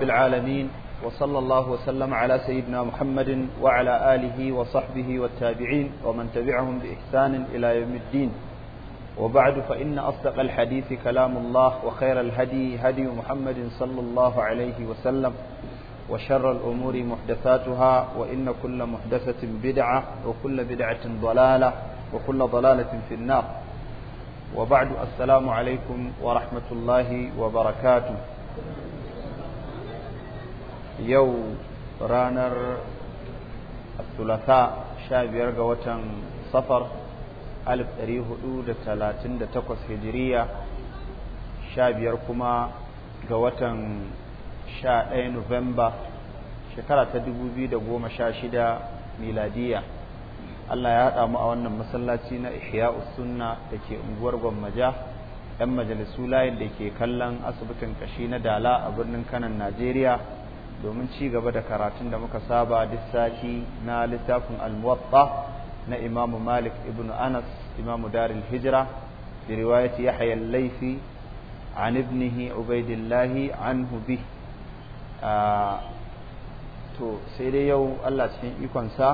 بالعالمين وصلى الله وسلم على سيدنا محمد وعلى آله وصحبه والتابعين ومن تبعهم بإحسان إلى يوم الدين وبعد فإن أصدق الحديث كلام الله وخير الهدي هدي محمد صلى الله عليه وسلم وشر الأمور محدثاتها وإن كل محدثة بدعة وكل بدعة ضلالة وكل ضلالة في النار وبعد السلام عليكم ورحمة الله وبركاته yau ranar tulata sha biyar ga watan safar alif ɗari da talatin hijiriya sha biyar kuma ga watan sha ɗaya nuwamba shekara ta dubu biyu da miladiya Allah ya haɗa mu a wannan masallaci na ihya sunna da ke unguwar gwammaja 'yan majalisu layin da ke kallon asibitin kashi na dala a birnin kanan najeriya domin ci gaba da karatun da muka saba duk sati na littafin al-muwatta na Imam Malik ibn Anas Imam daril Hijra bi riwayati Yahya al-Laythi an ibnihi Ubaydillah anhu bi ah, to sai dai yau Allah cikin sa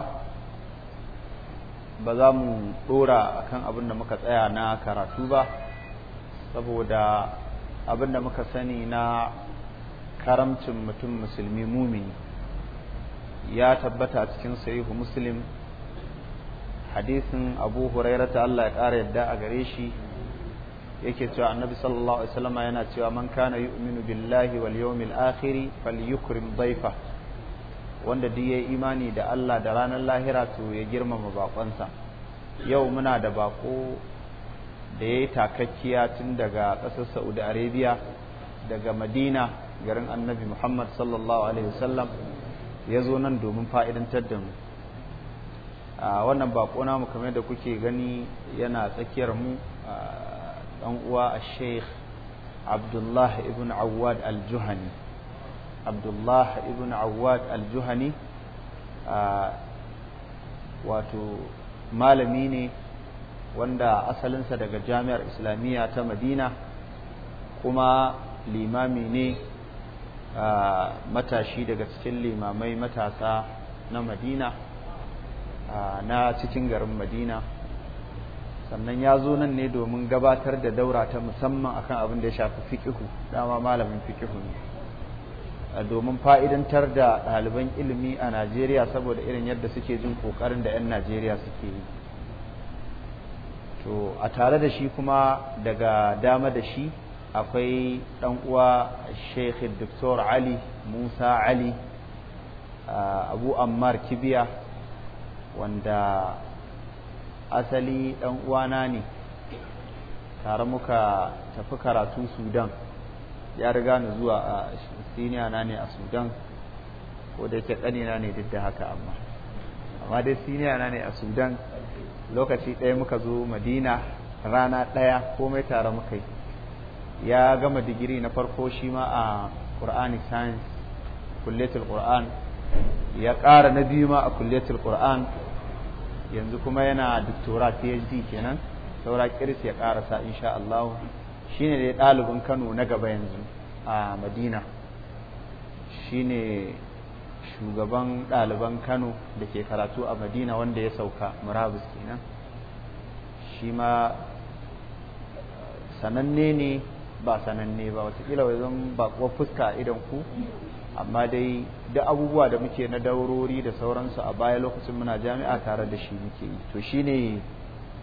ba za mu dora akan abin da muka tsaya na karatu ba saboda abin da muka sani na karamcin mutum musulmi mumini ya tabbata a cikin sahihu muslim hadisin abu ta Allah ya ƙara yadda a gare shi yake cewa annabi sallallahu alaihi wasallam yana cewa man kana yu'minu billahi wal yawmil akhir falyukrim dayfa wanda duk yayi imani da Allah da ranar lahira to ya girmama bakonsa yau muna da bako da yayi takakkiya tun daga ƙasar Saudi Arabia daga Madina garin annabi Muhammad sallallahu alaihi wasallam ya zo nan domin fa'idantar da mu a wannan baƙona mu kamar da kuke gani yana tsakiyar mu dan uwa Sheikh Abdullah ibn Awad al-Juhani Abdullah ibn Awad al-Juhani wato malami ne wanda asalinsa daga jami'ar islamiyya ta madina kuma limami ne matashi daga cikin limamai matasa na madina na cikin garin madina sannan ya zo nan ne domin gabatar da daura ta musamman akan abin da ya shafi fikihu dama malamin fikihu ne domin fa'idantar da ɗaliban ilimi a najeriya saboda irin yadda suke jin ƙoƙarin da 'yan najeriya suke yi to a tare da shi kuma daga dama da shi akwai ɗan uwa sheikh doktor ali musa ali abu ammar kibiya wanda asali ɗan ne tare muka tafi karatu sudan ya riga ni zuwa a siniya na ne a sudan ko da yake ƙanina ne duk da haka amma amma dai siniya na ne a sudan lokaci ɗaya muka zo madina rana ɗaya komai tare muka yi ya gama digiri na farko shi ma a ƙur'ani science kulletul Qur'an ya ƙara na biyu ma a kulletul Qur'an yanzu kuma yana doctora PhD kenan saura kiris ya ƙarasa insha Allah shine dai ɗalibin Kano na gaba yanzu a Madina shi ne shugaban ɗaliban Kano da ke karatu a Madina wanda ya sauka murabus kenan shi ma sananne ne ba sananne ba watakila wa zan bakuwa fuska a idan ku amma dai da abubuwa da muke na daurori da sauransu a baya lokacin muna jami'a tare da shi muke yi to shi ne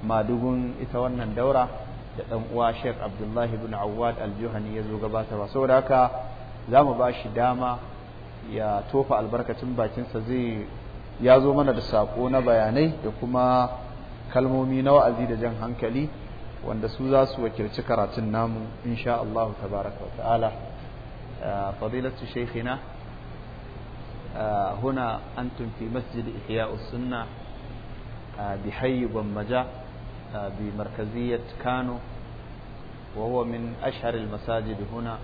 madugun ita wannan daura da ɗan uwa Sheikh Abdullahi bin Awad al-Juhani ya zo gabata gabatarwa saboda haka za mu ba shi dama ya tofa albarkacin bakinsa zai ya zo mana da sako na bayanai da kuma kalmomi na wa'azi da jan hankali wanda su za su wakilci karatun namu insha Allah tabaraka wa ta'ala fadilatu shaykhina huna antum fi masjid ihya sunna bi hayy gwammaja bi markaziyat Kano wa huwa min وهو من أشهر المساجد هنا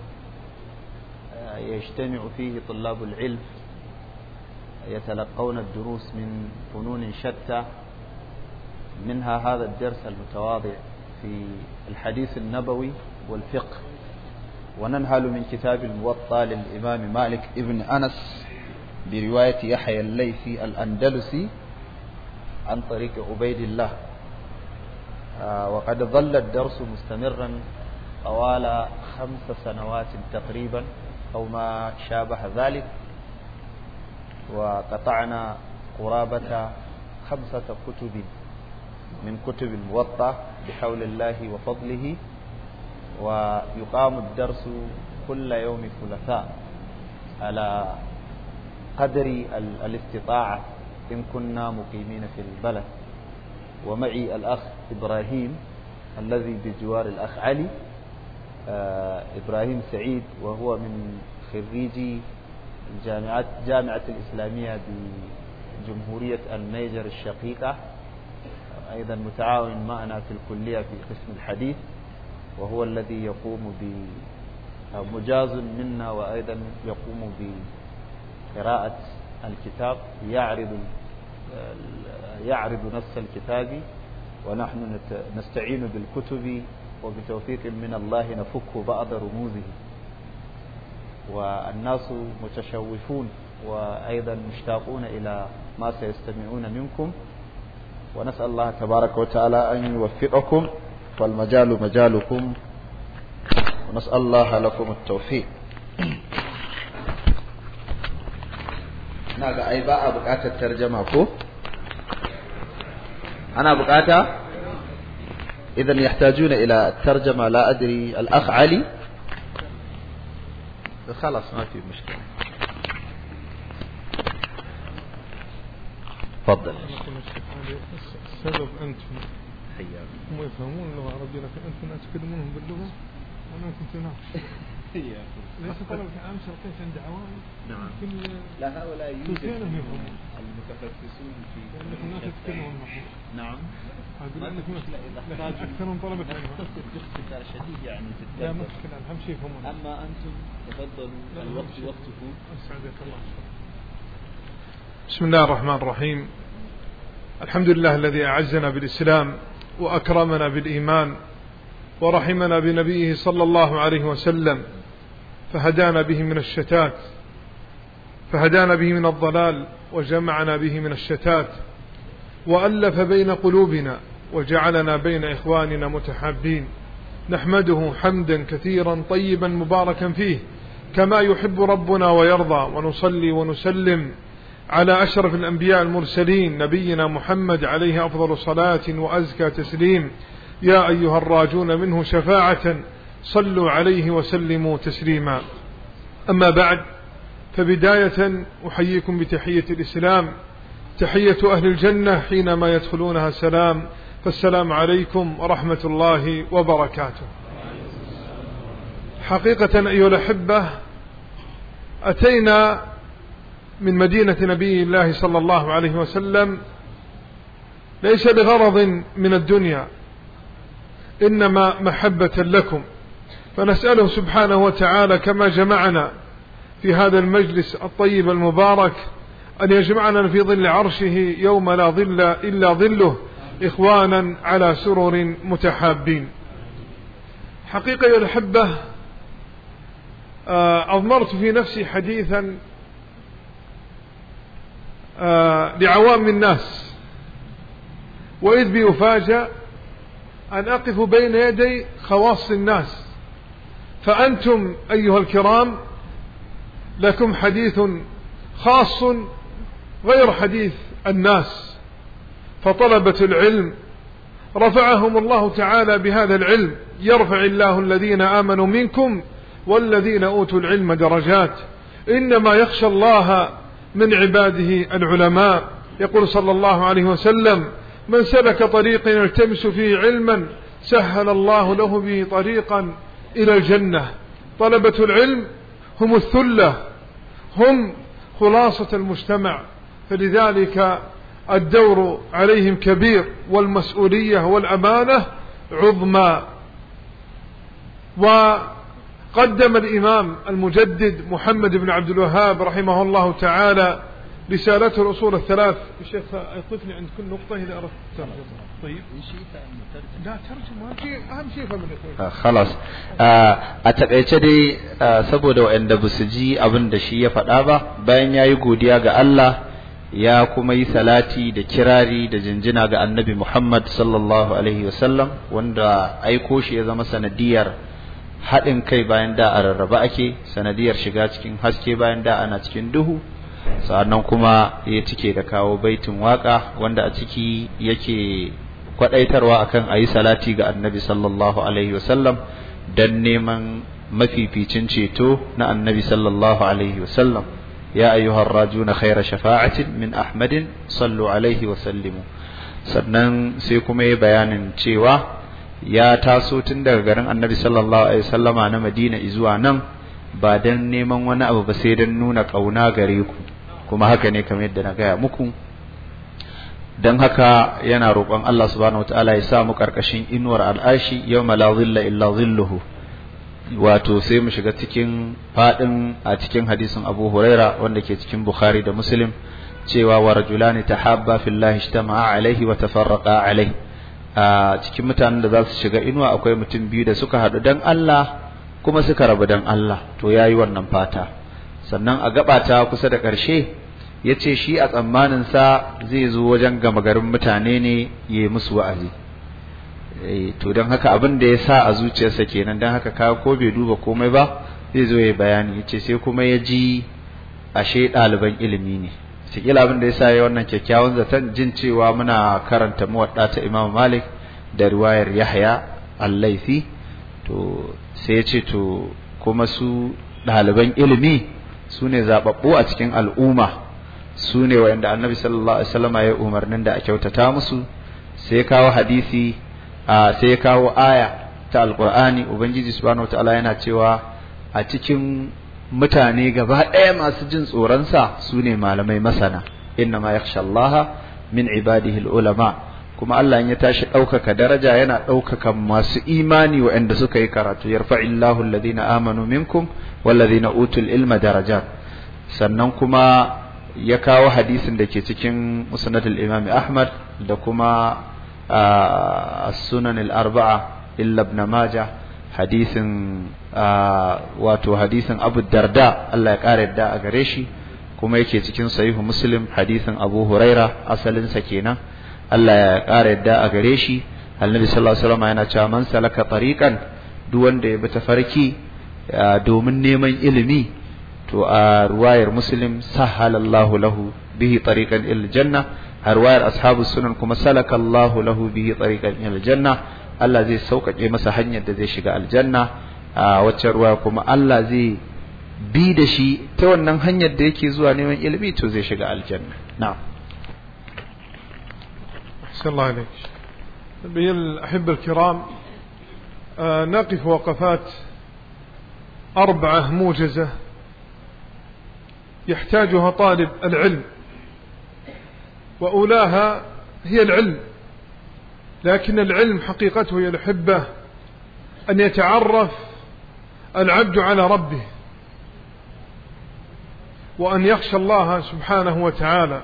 يجتمع فيه طلاب العلم يتلقون الدروس من فنون شتى منها هذا الدرس المتواضع في الحديث النبوي والفقه وننهل من كتاب الموطأ للإمام مالك ابن أنس برواية يحيى الليثي الأندلسي عن طريق عبيد الله آه، وقد ظل الدرس مستمرا طوال خمس سنوات تقريبا أو ما شابه ذلك وقطعنا قرابة خمسة كتب من كتب الموطأ بحول الله وفضله ويقام الدرس كل يوم ثلاثاء على قدر الاستطاعة إن كنا مقيمين في البلد ومعي الأخ إبراهيم الذي بجوار الأخ علي آه، إبراهيم سعيد وهو من خريجي جامعة, جامعة الإسلامية بجمهورية النيجر الشقيقة أيضا متعاون معنا في الكلية في قسم الحديث وهو الذي يقوم ب مجاز منا وأيضا يقوم بقراءة الكتاب يعرض يعرض نص الكتاب ونحن نستعين بالكتب وبتوفيق من الله نفك بعض رموزه والناس متشوفون وأيضا مشتاقون إلى ما سيستمعون منكم ونسأل الله تبارك وتعالى أن يوفقكم فالمجال مجالكم ونسأل الله لكم التوفيق na ga ai ba a buƙatar tarjama ko ana buƙata idan yahtajuna ila tarjama la adri al akh ali خلاص ما في مشكلة تفضل السبب أنتم حياك هم يفهمون اللغة العربية لكن أنتم لا تكلمونهم باللغة وأنا كنت حياك ليس طلبة امس شرقية عند عوام نعم لا هؤلاء يوجد المتخصصون في لأنك الناس يتكلمون معهم نعم اذا احتاج أكثر من طلبة باختصار شديد يعني في لا مشكلة أهم شيء يفهمون أما أنتم تفضلوا الوقت وقتكم أسعدك الله بسم الله الرحمن الرحيم الحمد لله الذي أعزنا بالإسلام وأكرمنا بالإيمان ورحمنا بنبيه صلى الله عليه وسلم فهدانا به من الشتات فهدانا به من الضلال وجمعنا به من الشتات وألف بين قلوبنا وجعلنا بين إخواننا متحابين نحمده حمدا كثيرا طيبا مباركا فيه كما يحب ربنا ويرضى ونصلي ونسلم على أشرف الأنبياء المرسلين نبينا محمد عليه أفضل صلاة وأزكى تسليم يا أيها الراجون منه شفاعة صلوا عليه وسلموا تسليما أما بعد فبداية أحييكم بتحية الإسلام تحية أهل الجنة حينما يدخلونها السلام فالسلام عليكم ورحمة الله وبركاته حقيقة أيها الأحبة أتينا من مدينة نبي الله صلى الله عليه وسلم ليس لغرض من الدنيا إنما محبة لكم فنسأله سبحانه وتعالى كما جمعنا في هذا المجلس الطيب المبارك أن يجمعنا في ظل عرشه يوم لا ظل إلا ظله إخوانا على سرر متحابين حقيقة يا الحبة آه، أضمرت في نفسي حديثا آه، لعوام الناس وإذ بيفاجأ أن أقف بين يدي خواص الناس فأنتم أيها الكرام لكم حديث خاص غير حديث الناس فطلبة العلم رفعهم الله تعالى بهذا العلم يرفع الله الذين آمنوا منكم والذين أوتوا العلم درجات إنما يخشى الله من عباده العلماء يقول صلى الله عليه وسلم من سلك طريقا يلتمس فيه علما سهل الله له به طريقا إلى الجنة طلبة العلم هم الثلة هم خلاصة المجتمع فلذلك الدور عليهم كبير والمسؤولية والأمانة عظمى وعظمى قدم الإمام المجدد محمد بن عبد الوهاب رحمه الله تعالى رسالته الأصول الثلاث الشيخ يطفني عند كل نقطة إذا أردت ترجمة طيب لا ترجم أهم شيء فهم آه خلاص آه أتبع تدي آه سبود وإن دبسجي أبن دشي يفتابا بين يقو دياغ الله يا كمي سلاتي دا كراري دا جنجنا النبي محمد صلى الله عليه وسلم وندا أي كوشي إذا مثلا ديار haɗin kai bayan da a rarraba ake sanadiyar shiga cikin haske bayan da ana cikin duhu sa'annan kuma ya cike da kawo baitin waƙa wanda a ciki yake kwadaitarwa akan yi salati ga annabi sallallahu alaihi wasallam dan neman mafificin ceto na annabi sallallahu alaihi wasallam ya ayyuhar rajuna khaira shafa'atin min ahmadin sallu alaihi wasallimu sannan sai kuma ya bayanin cewa ya taso tun daga garin annabi sallallahu alaihi wasallama na madina izuwa nan ba don neman wani abu ba sai don nuna ƙauna gare ku kuma haka ne kamar yadda na gaya muku don haka yana roƙon Allah subhanahu wataala ya sa mu ƙarƙashin inuwar al'ashi yau la zilla illa zilluhu wato sai mu shiga cikin faɗin a cikin hadisin Abu Huraira wanda ke cikin Bukhari da Muslim cewa wa rajulani tahabba fillahi ijtama'a alaihi wa tafarraqa alaihi a cikin mutanen da za su shiga inuwa akwai mutum biyu da suka haɗu dan Allah kuma suka rabu dan Allah to ya yi wannan fata sannan a gabata kusa da ƙarshe ya ce shi a tsammanin sa zai zo wajen gama garin mutane ne ya yi musu wa'azi eh, to don haka abin da ya sa a zuciyarsa kenan don haka kawo ko bai duba komai ba zai zo ya yi bayani ya ce sai kuma ya ji ashe ɗaliban ilimi ne Tikila abin da yasa yayi wannan kyakkyawan zaton jin cewa muna karanta muwadda ta Imam Malik da riwayar Yahya al laifi to sai ya ce to kuma su ɗaliban ilimi su ne zaɓaɓɓu a cikin al'umma su ne annabi sallallahu alaihi wasallam ya umarnin da a kyautata musu sai kawo hadisi sai kawo aya ta alqur'ani ubangiji subhanahu wataala yana cewa a cikin mutane gaba ɗaya masu jin tsoronsa su ne malamai masana inna ma yakhsha Allah min ibadihi ulama kuma Allah ya tashi ɗaukaka daraja yana ɗaukaka masu imani waɗanda suka yi karatu yarfa'illahu alladhina amanu minkum walladhina utul ilma darajat sannan kuma ya kawo hadisin da ke cikin musnad al-Imam Ahmad da kuma as-sunan ah, al-arba'a illa ibn Majah hadisin wato hadisin Abu Darda Allah ya kare yadda a gare shi kuma yake cikin sahihu Muslim hadisin Abu Huraira asalin sa kenan Allah ya kare yadda a gare shi Annabi sallallahu alaihi wasallam yana cewa man salaka tariqan duk wanda ya bi tafarki domin neman ilimi to a ruwayar Muslim sahalallahu lahu bihi tariqan il janna a ruwayar ashabu sunan kuma salakallahu lahu bihi tariqan il janna Allah zai sauƙaƙe masa hanyar da zai shiga aljanna wacce ruwa kuma Allah zai bi da shi ta wannan hanyar da yake zuwa neman ilimi to zai shiga aljanna na'am sallallahu alaihi bil بي الأحبة naqif waqafat arba'a mujaza yahtajuha talib طالب العلم وأولاها هي العلم لكن العلم حقيقته يا الأحبة أن يتعرف العبد على ربه وأن يخشى الله سبحانه وتعالى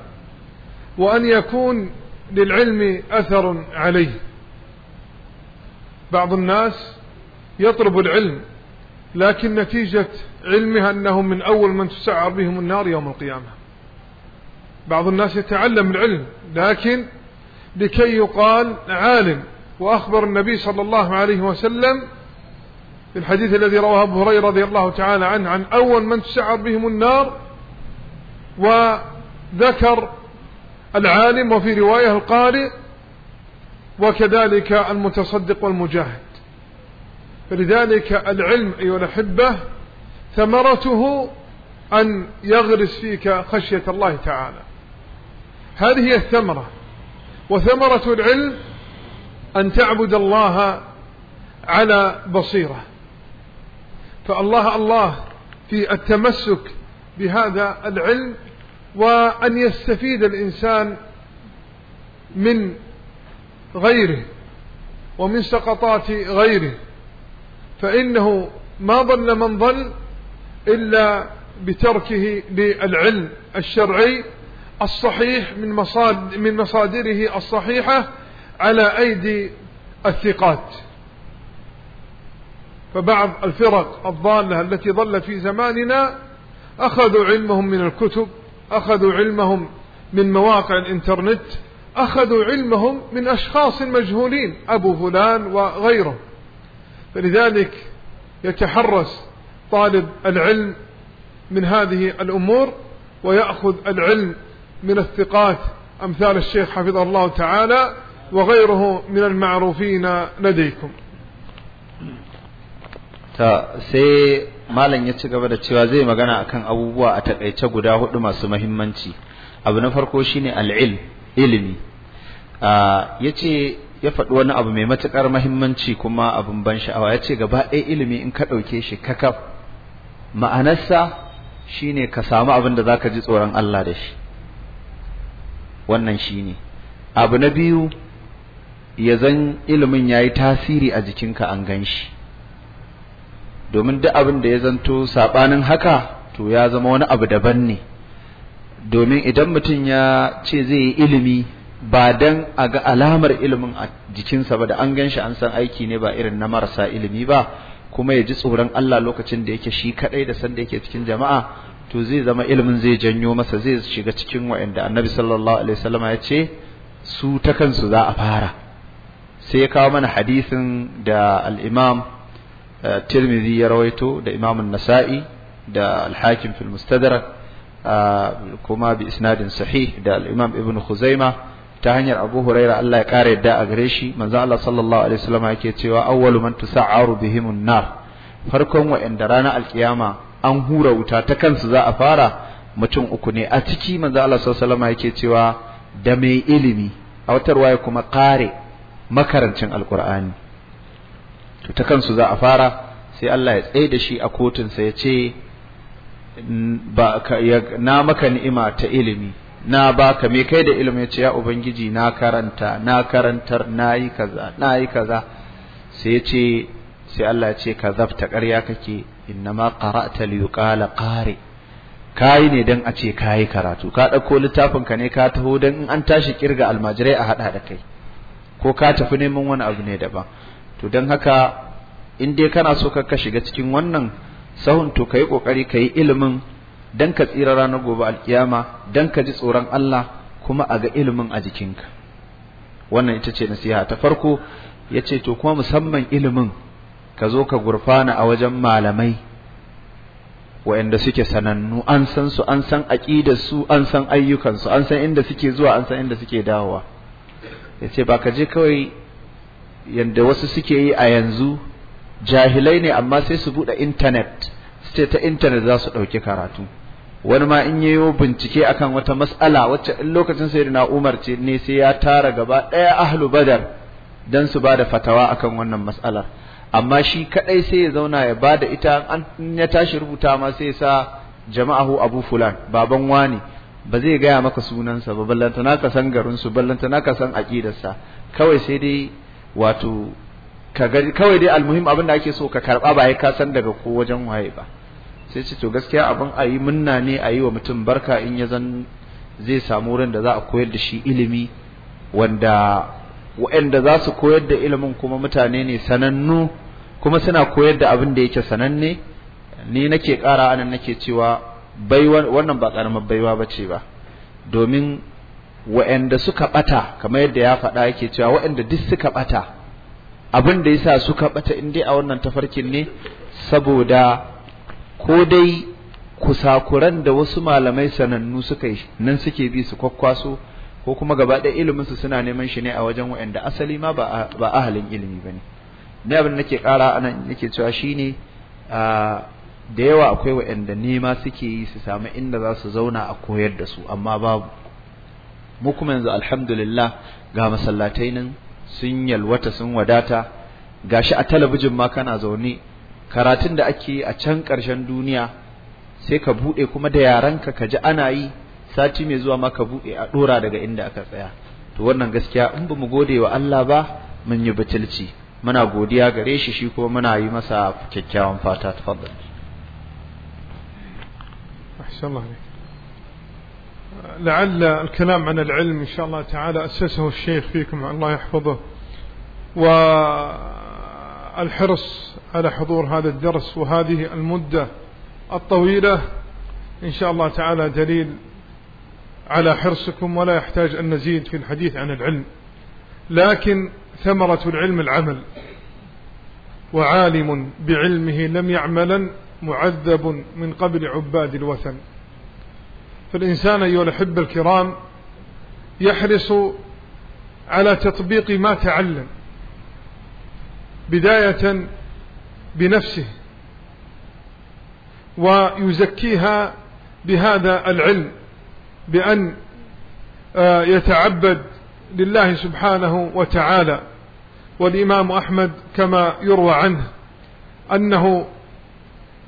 وأن يكون للعلم أثر عليه بعض الناس يطلب العلم لكن نتيجة علمها أنهم من أول من تسعر بهم النار يوم القيامة بعض الناس يتعلم العلم لكن لكي يقال عالم وأخبر النبي صلى الله عليه وسلم في الحديث الذي رواه أبو هريرة رضي الله تعالى عنه عن أول من تسعر بهم النار وذكر العالم وفي رواية القارئ وكذلك المتصدق والمجاهد فلذلك العلم أيها الأحبة ثمرته أن يغرس فيك خشية الله تعالى هذه هي الثمرة وثمرة العلم أن تعبد الله على بصيره فالله الله في التمسك بهذا العلم وأن يستفيد الإنسان من غيره ومن سقطات غيره فإنه ما ضل من ضل إلا بتركه للعلم الشرعي الصحيح من من مصادره الصحيحة على أيدي الثقات فبعض الفرق الضالة التي ضل في زماننا أخذوا علمهم من الكتب أخذوا علمهم من مواقع الإنترنت أخذوا علمهم من أشخاص مجهولين أبو فلان وغيره فلذلك يتحرس طالب العلم من هذه الأمور ويأخذ العلم من الثقات أمثال الشيخ حفظه الله تعالى وغيره من المعروفين لديكم ta sai malam ya ci gaba da cewa zai magana akan abubuwa a takaice guda hudu masu mahimmanci abu na farko shine al'il ilimi ya ce ya faɗi wani abu mai matuƙar mahimmanci kuma abin ban sha'awa ya ce gaba ɗaya ilimi in ka ɗauke shi kakaf ma'anarsa shine ka samu abin da zaka ji tsoron Allah da shi wannan shine abu na biyu ya zan ilimin ya tasiri a jikinka an gan shi domin duk abin da ya zanto saɓanin haka to ya zama wani abu daban ne domin idan mutum ya ce zai yi ilimi ba don a ga alamar ilimin a jikinsa ba da an gan shi an san aiki ne ba irin na marasa ilimi ba kuma ya ji tsoron Allah lokacin da yake shi kaɗai da sanda yake cikin jama'a to zai zama ilimin zai janyo masa zai shiga cikin wa'anda annabi sallallahu alaihi wasallama ya ce su ta kansu za a fara sai ya kawo mana hadisin da al-imam tirmidhi ya rawaito da imam an-nasa'i da al-hakim fil mustadrak kuma bi isnadin sahih da al-imam ibn khuzaima ta hanyar abu huraira Allah ya kare yadda a gare shi manzo Allah sallallahu alaihi wasallam yake cewa awwalu man tusa'aru bihim an-nar farkon wa'anda ranar alkiyama an hura wuta ta kansu za a fara mutum uku ne a ciki manzo sallallahu alaihi wasallam yake cewa da mai ilimi a watar waye kuma kare makarancin alkur'ani to ta kansu za a fara sai Allah ya tsaye da shi a kotunsa ya ce na maka ni'ima ta ilimi na baka me kai da ilimi ya ce ya ubangiji na karanta na karantar na yi kaza na kaza sai ya ce sai Allah ya ce ka zafta ƙarya kake ma qara'ta li yuqala qari kayi ne dan a ce kayi karatu ka dauko littafin ka ne ka taho dan in an tashi kirga almajirai a haɗa da kai ko ka tafi neman wani abu ne daban to don haka in dai kana so ka shiga cikin wannan sahun to ka yi ƙoƙari ka yi ilimin don ka tsira ranar gobe alkiyama don ka ji tsoron Allah kuma a ga ilimin a jikinka wannan ita ce nasiha ta farko ya ce to kuma musamman ilimin ka zo ka gurfana a wajen malamai waɗanda suke sanannu an san su an san aƙidarsu an san ayyukansu an san inda suke zuwa an san inda suke dawowa ya ce ba ka je kawai yanda wasu suke yi a yanzu jahilai ne amma sai su buɗe intanet su ce ta intanet za su ɗauki karatu wani ma in yayo bincike akan wata mas'ala wacce in lokacin sai Umar ce ne sai ya tara gaba ɗaya ahlu badar don su bada fatawa akan wannan mas'alar amma shi kaɗai sai ya zauna ya ba da ita an ya tashi rubuta ma sai ya sa jama'ahu abu fulan baban wani ba zai gaya maka sunansa ba ballantana ka san garinsu ballantana ka san aƙidarsa kawai sai dai wato ka kawai dai almuhim abin da ake so ka karba ba ya kasan daga ko wajen waye ba sai ce to gaskiya abin a yi munna ne a yi wa mutum barka in ya zan zai samu wurin da za a koyar da shi ilimi wanda wa'anda za su koyar da ilimin kuma mutane ne sanannu kuma suna koyar da abin da yake sananne ni nake ƙara anan nake cewa baiwa wannan ba ƙaramar baiwa bace ba domin wa'anda suka bata kamar yadda ya faɗa yake cewa wa'anda duk suka bata abin da yasa suka bata in dai a wannan tafarkin ne saboda ko dai kusakuran da wasu malamai sanannu suka yi nan suke bi su kwakkwaso ko kuma gaba ɗaya ilimin su suna neman shi ne a wajen wa'anda asali ma ba ahalin ilimi ba ne abin nake ƙara anan nake cewa shine da yawa akwai wa'anda nema suke yi su samu inda za su zauna a koyar da su amma babu mu kuma yanzu alhamdulillah ga masallatai nan sun yalwata sun wadata gashi a talabijin ma kana zaune karatun da ake a can ƙarshen duniya sai ka buɗe kuma da yaranka ka ji ana yi sati mai zuwa ma ka buɗe a ɗora daga inda aka tsaya to wannan gaskiya in ba mu gode wa Allah ba mun yi batulci muna godiya gare shi shi kuma muna yi masa kyakkyawan fata tafaddal لعل الكلام عن العلم إن شاء الله تعالى أسسه الشيخ فيكم الله يحفظه والحرص على حضور هذا الدرس وهذه المدة الطويلة إن شاء الله تعالى دليل على حرصكم ولا يحتاج أن نزيد في الحديث عن العلم لكن ثمرة العلم العمل وعالم بعلمه لم يعملا معذب من قبل عباد الوثن فالإنسان أيها الأحبة الكرام يحرص على تطبيق ما تعلم بداية بنفسه ويزكيها بهذا العلم بأن آه، يتعبد لله سبحانه وتعالى والإمام أحمد كما يروى عنه أنه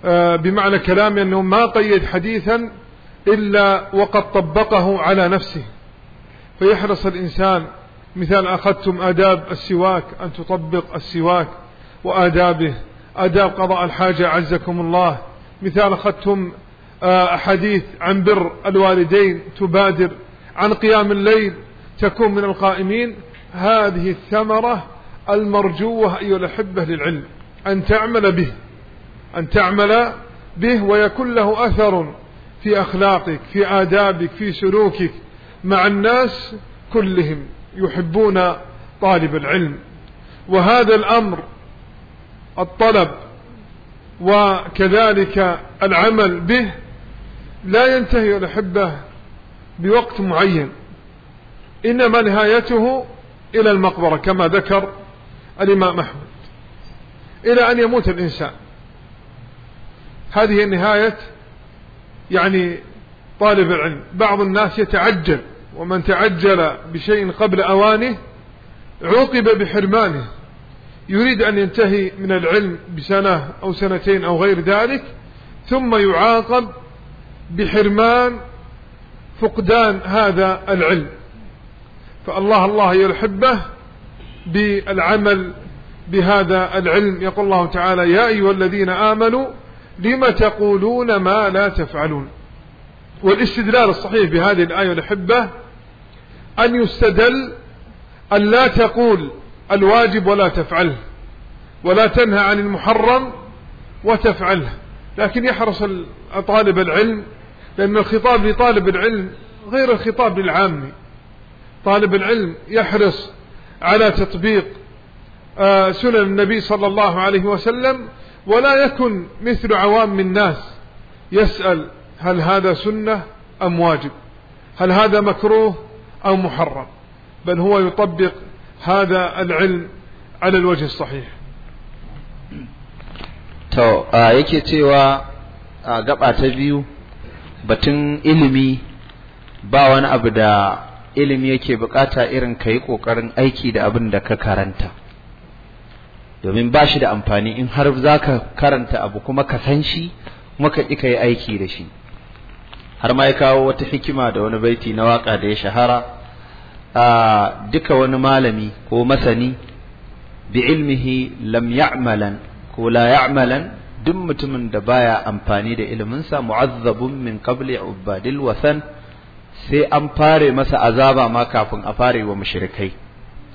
آه، بمعنى كلامه أنه ما قيد حديثا إلا وقد طبقه على نفسه فيحرص الإنسان مثال أخذتم آداب السواك أن تطبق السواك وآدابه آداب قضاء الحاجة عزكم الله مثال أخذتم آه، حديث عن بر الوالدين تبادر عن قيام الليل تكون من القائمين هذه الثمرة المرجوة أيها الأحبة للعلم أن تعمل به أن تعمل به ويكون له أثر في أخلاقك في آدابك في سلوكك مع الناس كلهم يحبون طالب العلم وهذا الأمر الطلب وكذلك العمل به لا ينتهي الأحبة بوقت معين إنما نهايته إلى المقبرة كما ذكر الإمام أحمد إلى أن يموت الإنسان هذه نهاية يعني طالب العلم بعض الناس يتعجل ومن تعجل بشيء قبل أوانه عوقب بحرمانه يريد أن ينتهي من العلم بسنة أو سنتين أو غير ذلك ثم يعاقب بحرمان فقدان هذا العلم فالله الله يحبه بالعمل بهذا العلم يقول الله تعالى يا أيها الذين آمنوا لم تقولون ما لا تفعلون والاستدلال الصحيح بهذه الآية الأحبة أن يستدل أن لا تقول الواجب ولا تفعله ولا تنهى عن المحرم وتفعله لكن يحرص طالب العلم لأن الخطاب لطالب العلم غير الخطاب للعامي طالب العلم يحرص على تطبيق آه، سنن النبي صلى الله عليه وسلم ولا يكن مثل عوام الناس يسأل هل هذا سنة أم واجب هل هذا مكروه أو محرم بل هو يطبق هذا العلم على الوجه الصحيح to yake cewa a gaba ta biyu batun ilimi ba wani abu da ilimi yake bukata irin ka yi ƙoƙarin aiki da abin da ka karanta domin ba shi da amfani in har za ka karanta abu kuma ka san shi kuma ka ƙi ka yi aiki da shi har ma ya kawo wata hikima da wani baiti na waƙa da ya shahara a duka wani malami ko masani bi ilmihi lam ya'malan ko la ya'malan duk mutumin da baya amfani da iliminsa mu'azzabun min qabli ubadil wasan sai an fare masa azaba ma kafin a fare wa mushrikai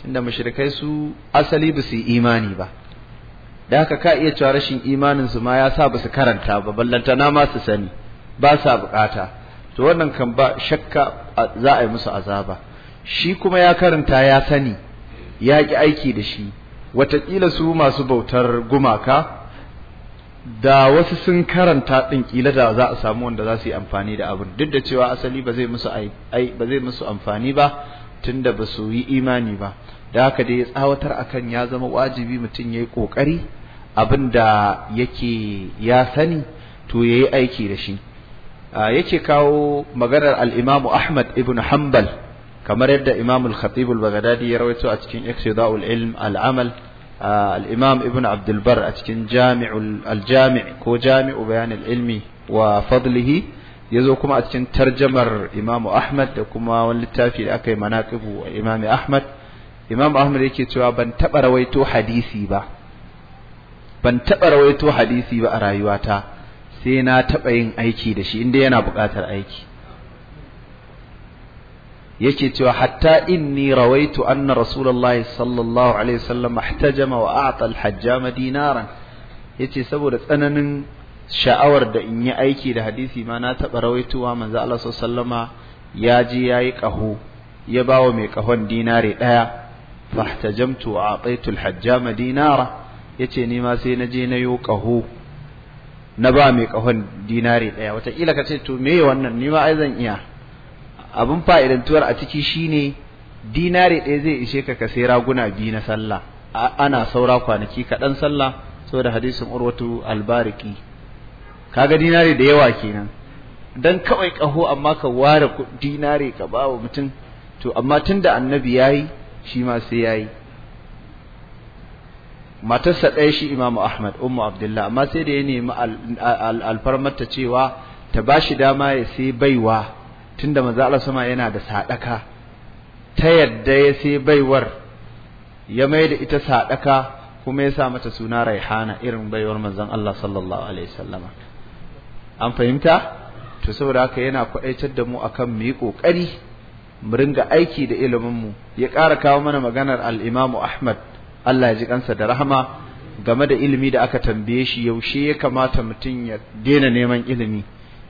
inda mushrikai su asali ba su imani ba da haka ka iya cewa rashin imanin su ma ya sa ba su karanta ba ballanta na ma su sani ba sa bukata to wannan kan ba shakka za a yi musu azaba shi kuma ya karanta ya sani ya ki aiki da shi watakila su masu bautar gumaka da wasu sun karanta ɗin ƙila da za a samu wanda za su yi amfani da abin duk da cewa asali ba zai musu ai ba zai musu amfani ba tunda ba su yi imani ba da haka dai ya tsawatar akan ya zama wajibi mutum ya yi ƙoƙari. abin da yake ya sani to yayi aiki da shi ah, yake kawo maganar alimamu Ahmad ibn Hanbal kamar yadda Imam al-Khatib al-Baghdadi ya rawaito a cikin Iqtida'ul Ilm al-Amal ah, Ibn Abdulbar a cikin Jami'ul jami ko Jami'u Bayan ilmi wa fadlihi zo kuma a cikin tarjamar Imam Ahmad da kuma wani littafi da aka yi manaqibu Imam Ahmad Imam Ahmad yake cewa ban taɓa rawaito hadisi ba ban taɓa rawaito hadisi ba a rayuwata sai na taɓa yin aiki da shi inda yana buƙatar aiki yake cewa hatta inni rawaitu anna rasulullahi sallallahu alaihi wasallam ihtajama wa a'ta al-hajjama dinaran yace saboda tsananin sha'awar da in yi aiki da hadisi ma na taɓa rawaitowa manzo Allah sallama ya je yayi ƙaho ya bawa mai ƙahon dinare ɗaya fahtajamtu wa a'taitu al-hajjama dinara yace ni ma sai na je na yo ƙaho na ba mai ƙahon dinari ɗaya wataƙila ka ce to me wannan ni ma ai zan iya abin fa'idantuwar a ciki shine dinari ɗaya zai ishe ka ka sai raguna biyu na sallah ana saura kwanaki kaɗan sallah saboda hadisin urwatu albariki kaga dinari da yawa kenan dan kawai kaho amma ka ware dinari ka ba wa mutum to amma tun da annabi ya yi shi ma sai ya yi. matarsa ɗaya shi imamu ahmad umu abdullah amma sai da ya nemi alfarmarta cewa ta ba shi dama ya sai baiwa tunda da maza sama yana da sadaka ta yadda ya sai baiwar ya mai da ita sadaka kuma ya sa mata suna raihana irin baiwar manzon Allah sallallahu alaihi wasallama an fahimta to saboda haka yana kwaɗaitar da mu akan mu yi ƙoƙari mu ringa aiki da iliminmu ya ƙara kawo mana maganar al-Imam Ahmad Allah ya ji kansa da rahama game da ilimi da aka tambaye shi yaushe ya kamata mutum ya daina neman ilimi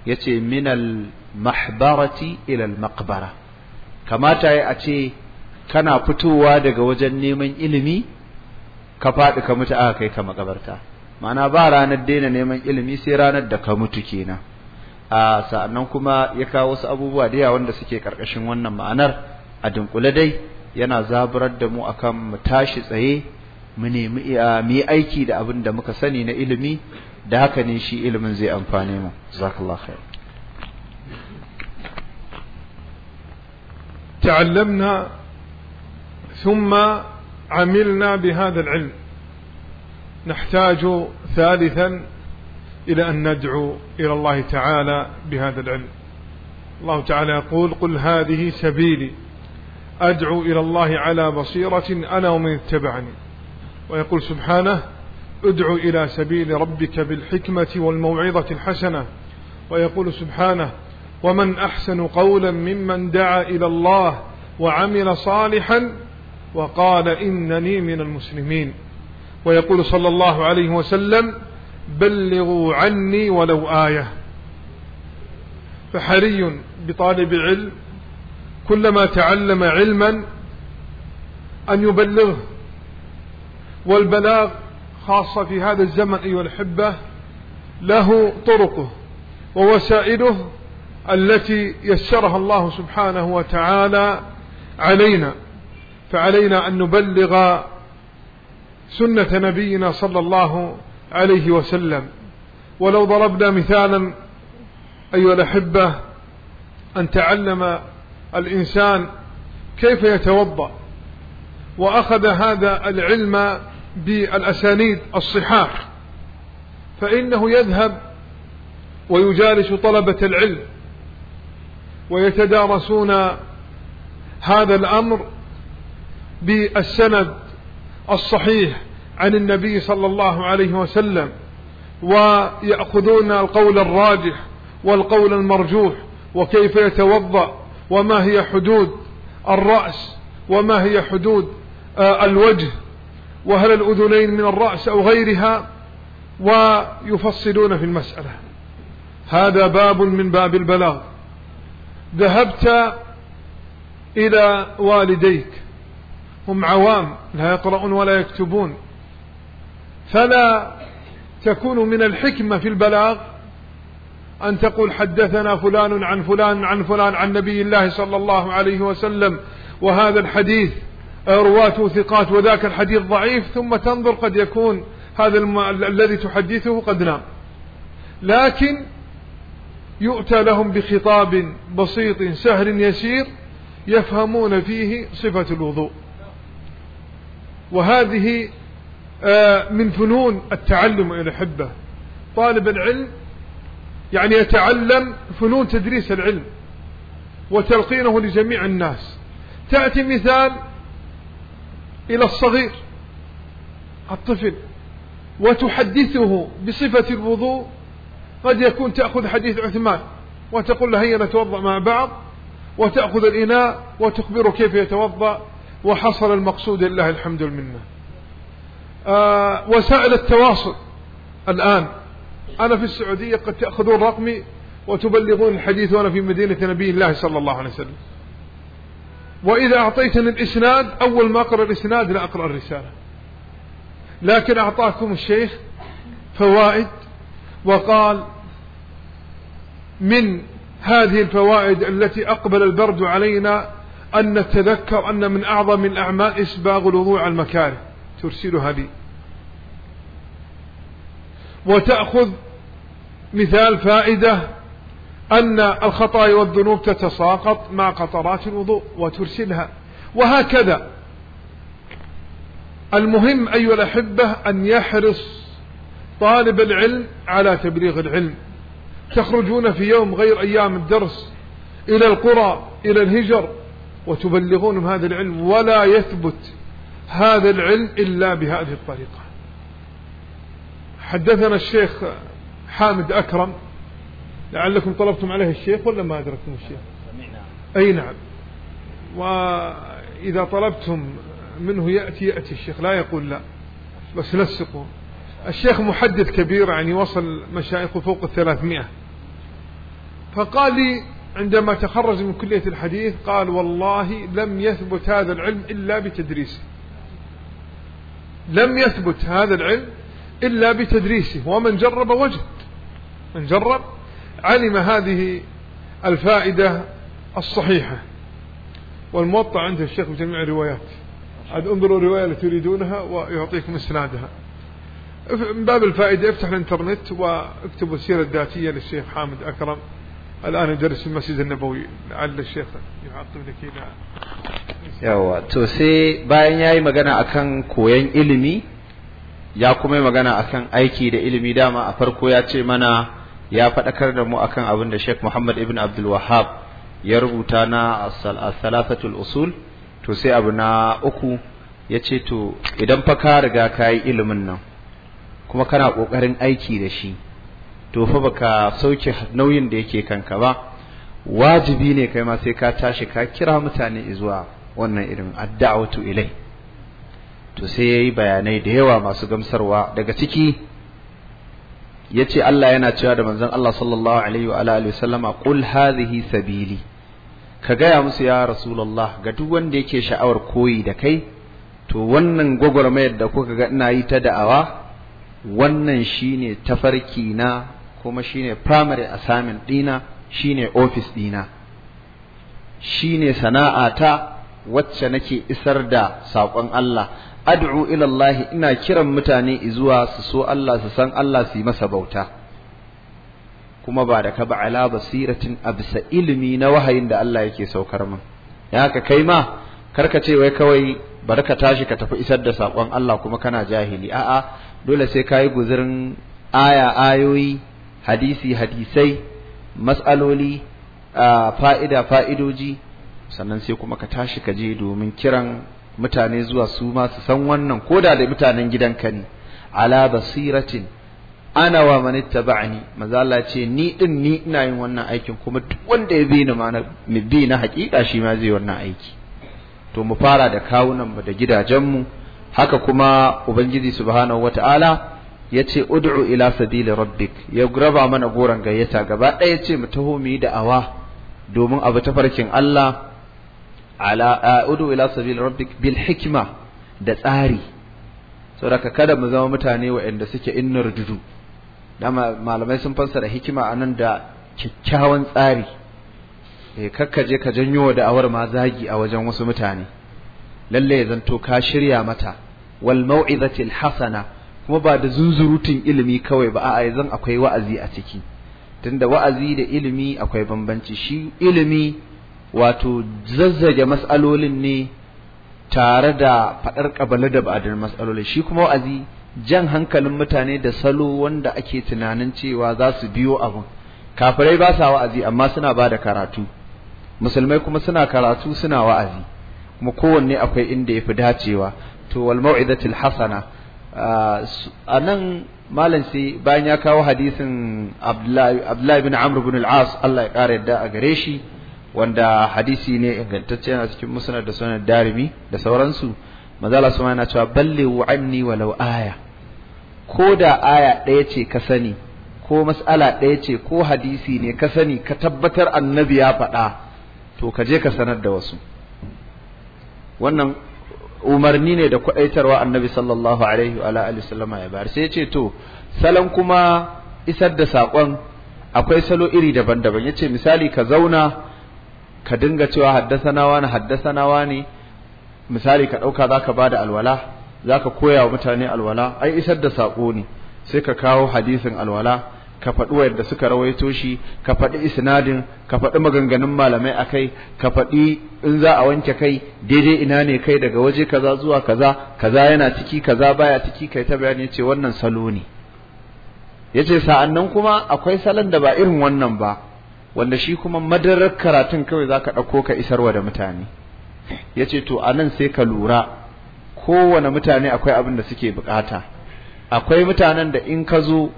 ya ce minal mahbarati ilal al maqbara kamata ya a ce kana fitowa daga wajen neman ilimi ka faɗi ka mutu aka kai ka makabarta ma'ana ba ranar daina neman ilimi sai ranar da ka mutu kenan a sa'annan kuma ya kawo wasu abubuwa da yawa wanda suke karkashin wannan ma'anar a dunkule dai yana zaburar da mu akan mu tashi tsaye mu nemi mu yi aiki da abin da muka sani na ilimi da haka ne shi ilimin zai amfane mu zakallahu khair ta'allamna thumma تعلمنا ثم عملنا بهذا العلم نحتاج ثالثا إلى أن ندعو إلى الله تعالى بهذا العلم الله تعالى يقول قل هذه سبيلي أدعو إلى الله على بصيرة أنا ومن اتبعني ويقول سبحانه ادعو إلى سبيل ربك بالحكمة والموعظة الحسنة ويقول سبحانه ومن أحسن قولا ممن دعا إلى الله وعمل صالحا وقال إنني من المسلمين ويقول صلى الله عليه وسلم بلغوا عني ولو آية فحري بطالب علم كلما تعلم علما أن يبلغه والبلاغ خاصة في هذا الزمن أيها الحبة له طرقه ووسائله التي يسرها الله سبحانه وتعالى علينا فعلينا أن نبلغ سنة نبينا صلى الله عليه وسلم ولو ضربنا مثالا أيها الأحبة أن تعلم الإنسان كيف يتوضأ وأخذ هذا العلم بالأسانيد الصحاح فإنه يذهب ويجالس طلبة العلم ويتدارسون هذا الأمر بالسند الصحيح عن النبي صلى الله عليه وسلم ويأخذون القول الراجح والقول المرجوح وكيف يتوضأ وما هي حدود الرأس وما هي حدود آه، الوجه وهل الأذنين من الرأس أو غيرها ويفصلون في المسألة هذا باب من باب البلاغ ذهبت إلى والديك هم عوام لا يقرؤون ولا يكتبون فلا تكون من الحكمة في البلاغ أن تقول حدثنا فلان عن فلان عن فلان عن نبي الله صلى الله عليه وسلم وهذا الحديث رواته ثقات وذاك الحديث ضعيف ثم تنظر قد يكون هذا الم... الذي تحدثه قد نام لكن يؤتى لهم بخطاب بسيط سهل يسير يفهمون فيه صفة الوضوء وهذه آه، من فنون التعلم إلى حبة طالب العلم يعني يتعلم فنون تدريس العلم وتلقينه لجميع الناس تأتي مثال إلى الصغير الطفل وتحدثه بصفة الوضوء قد يكون تأخذ حديث عثمان وتقول له هيا نتوضأ مع بعض وتأخذ الإناء وتخبره كيف يتوضأ وحصل المقصود لله الحمد والمنه آه وسائل التواصل الآن أنا في السعودية قد تأخذون رقمي وتبلغون الحديث وأنا في مدينة نبي الله صلى الله عليه وسلم وإذا أعطيتني الإسناد أول ما أقرأ الإسناد لا أقرأ الرسالة لكن أعطاكم الشيخ فوائد وقال من هذه الفوائد التي أقبل البرد علينا أن نتذكر أن من أعظم الأعمال إسباغ الوضوء على المكاره ترسلها لي وتأخذ مثال فائدة أن الخطايا والذنوب تتساقط مع قطرات الوضوء وترسلها وهكذا المهم أيها الأحبة أن يحرص طالب العلم على تبليغ العلم تخرجون في يوم غير أيام الدرس إلى القرى إلى الهجر وتبلغون هذا العلم ولا يثبت هذا العلم إلا بهذه الطريقة حدثنا الشيخ حامد أكرم لعلكم طلبتم عليه الشيخ ولا ما أدركتم الشيخ أي نعم وإذا طلبتم منه يأتي يأتي الشيخ لا يقول لا بس لسقوا الشيخ محدث كبير يعني وصل مشايخه فوق الثلاثمائة فقال لي عندما تخرج من كلية الحديث قال والله لم يثبت هذا العلم إلا بتدريسه لم يثبت هذا العلم إلا بتدريسه ومن جرب وجه نجرب علم هذه الفائدة الصحيحة والموطع عنده الشيخ بجميع الروايات عاد انظروا الرواية التي تريدونها ويعطيكم اسنادها من باب الفائدة افتح الانترنت واكتبوا السيرة الذاتية للشيخ حامد أكرم الآن يدرس في المسجد النبوي لعل الشيخ يعطي لك إلى يوا تو سي باين ياي مغانا اكن كوين علمي يا ya مغانا اكن ايكي دا علمي داما ilimi ياتي مانا ya faɗakar da mu akan abin da Sheikh Muhammad ibn Abdul Wahhab ya rubuta na Salafatul Usul to sai abu na uku ya ce to idan fa ka riga ka yi ilimin nan kuma kana ƙoƙarin aiki da shi to fa baka sauke nauyin da yake kanka ba wajibi ne kai ma sai ka tashi ka kira mutane zuwa wannan irin adda'atu ilai to sai yayi bayanai da yawa masu gamsarwa daga ciki yace Allah yana cewa da manzon Allah sallallahu alaihi wa alihi wasallama qul hadhihi sabili ka gaya musu ya rasulullah ga duk wanda yake sha'awar koyi da kai to wannan gwagwarmayar da kuka ga ina yi ta da'awa wannan shine tafarki na kuma shine primary assignment dina shine office dina shine sana'ata wacce nake isar da saƙon Allah ad'u ila Allah ina kiran mutane zuwa su so Allah su san Allah su yi masa bauta kuma ba da ka kaba ala basiratin absa ilimi na wahayin da Allah yake saukar min ya ka kai ma karka ce wai kawai bari ka tashi ka tafi isar da sakon Allah kuma kana jahili a'a dole sai kayi guzurin aya ayoyi hadisi hadisai matsaloli, fa'ida fa'idoji sannan sai kuma ka tashi ka je domin kiran mutane zuwa su ma su san wannan koda da mutanen gidanka ne ala basiratin ana wa man ittaba'ani maza Allah ce ni din ni ina yin wannan aikin kuma duk wanda ya bi ni ma na bi na hakika shi ma zai wannan aiki to mu fara da kawunan mu da gidajen mu haka kuma ubangiji subhanahu wataala yace ud'u ila sabili rabbik ya raba mana goran gayyata gaba ɗaya ce mu taho mu yi da'awa domin abu ta farkin Allah ala udu ila sabil rabbik bil hikma da tsari saboda kada mu zama mutane waɗanda suke innar dudu dama malamai sun fassara hikima anan da kyakkyawan tsari eh kakka je ka janyo wa da'awar ma zagi a wajen wasu mutane lalle ya zanto ka shirya mata wal mau'izatil hasana kuma ba da zunzurutun ilimi kawai ba a'a yanzu akwai wa'azi a ciki tunda wa'azi da ilimi akwai bambanci shi ilimi wato zazzage matsalolin ne tare da faɗar ƙabale da ba'adar matsaloli shi kuma wa'azi jan hankalin mutane da salo wanda ake tunanin cewa za su biyo abin kafirai ba sa wa'azi amma suna ba da karatu musulmai kuma suna karatu suna wa'azi kuma kowanne akwai inda ya fi dacewa to wal mau'izatil hasana a nan malam sai bayan ya kawo hadisin abdullahi bin amr bin al-as Allah ya ƙara yadda a gare shi wanda hadisi ne ingantacce a cikin musnad da sunan darimi da sauransu manzo Allah subhanahu yana cewa wa anni walau aya ko da aya ɗaya ce ka sani ko mas'ala ɗaya ce ko hadisi ne ka sani ka tabbatar annabi ya faɗa to ka je ka sanar da wasu wannan umarni ne da kwaɗaitarwa annabi sallallahu alaihi wa alihi sallama ya bayar sai ya ce to salon kuma isar da saƙon akwai salo iri daban-daban ya ce misali ka zauna ka dinga cewa haddasana wani haddasana wani misali ka ɗauka za ka ba da alwala za ka koya wa mutane alwala ai isar da saƙo ne sai ka kawo hadisin alwala ka faɗi wayanda suka rawaito shi ka faɗi isnadin ka faɗi maganganun malamai akai ka faɗi in za a wanke kai daidai ina ne kai daga waje kaza zuwa kaza kaza yana ciki kaza baya ciki kai ta bayani ce wannan salo ne yace sa'annan kuma akwai salon da ba irin wannan ba wanda shi kuma madarar karatun kawai za ka ɗauko ka isarwa da mutane yace to anan sai ka lura kowane mutane akwai abin da suke bukata akwai mutanen da in ka zo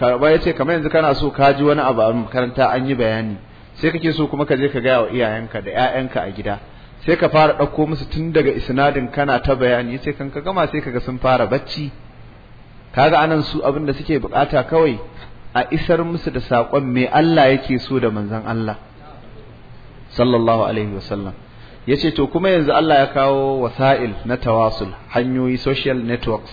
ya yace kamar yanzu kana so ka ji wani abu a makaranta an yi bayani sai kake so kuma ka je ka gaya wa iyayenka da 'ya'yanka a gida sai ka fara ɗauko musu tun daga isnadin kana ta bayani sai kan ka gama sai kaga sun fara bacci kaga anan su abin da suke bukata kawai a isar musu da saƙon me Allah yake so da manzon Allah sallallahu alaihi wasallam ya ce to kuma yanzu Allah ya kawo wasa'il na tawasul hanyoyi social networks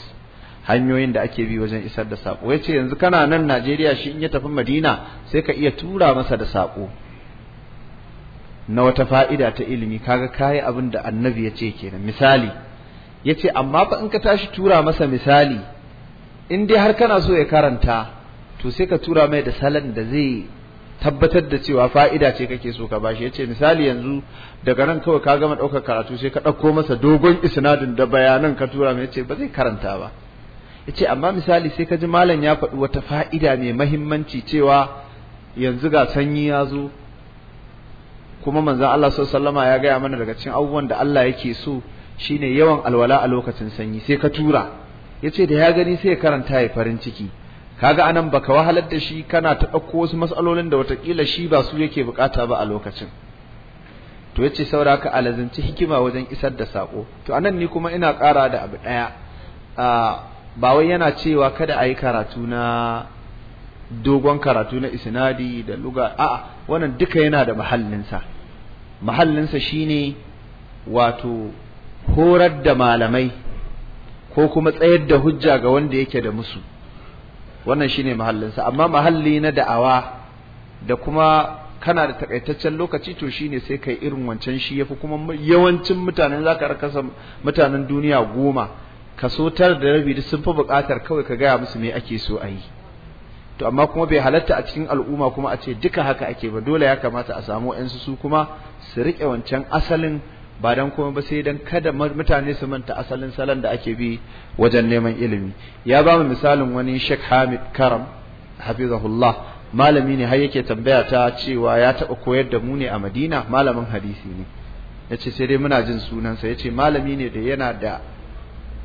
hanyoyin da ake bi wajen isar da saƙo ya ce yanzu kana nan Najeriya shi in ya tafi Madina sai ka iya tura masa da saƙo na wata fa'ida ta ilimi kaga kayi abin da annabi ya ce kenan misali ya ce amma fa in ka tashi tura masa misali in dai har kana so ya karanta to sai ka tura mai da salon da zai tabbatar da cewa fa'ida ce kake so ka bashi yace misali yanzu daga nan kawai ka gama ɗaukar karatu sai ka ɗauko masa dogon isnadin da bayanan ka tura mai yace ba zai karanta ba yace amma misali sai ka ji malam ya faɗi wata fa'ida mai mahimmanci cewa yanzu ga sanyi ya zo kuma manzon Allah sallallahu ya gaya mana daga cikin abubuwan da Allah yake so shine yawan alwala a lokacin sanyi sai ka tura yace da ya gani sai ya karanta ya farin ciki kaga anan baka wahalar da shi kana ta ɗauko wasu matsalolin da watakila shi ba su yake bukata ba a lokacin to yace saura ka alazinci hikima wajen isar da sako to anan ni kuma ina kara da abu ɗaya ba wai yana cewa kada ayi yi karatu na dogon karatu na isnadi da luga a'a wannan duka yana da Muhallinsa sa shine wato horar da malamai ko kuma tsayar da hujja ga wanda yake da musu wannan shine mahallinsa amma mahalli na da'awa da kuma kana da takaitaccen lokaci to shine sai kai irin wancan shi yafi kuma yawancin mutanen zaka rakasa mutanen duniya goma kaso tar da rabi sun fi buƙatar kawai ka gaya musu me ake so a yi to amma kuma bai halatta a cikin al'umma kuma a ce duka haka ake ba dole ya kamata a samu ƴansu su kuma su riƙe wancan asalin ba dan kuma ba sai dan kada mutane su manta asalin salon da ake bi wajen neman ilimi ya ba mu misalin wani Sheikh Hamid Karam hafizahullah malami ne har yake tambaya ta cewa ya taɓa koyar da mu ne a Madina malamin hadisi ne yace sai dai muna jin sunansa yace malami ne da yana da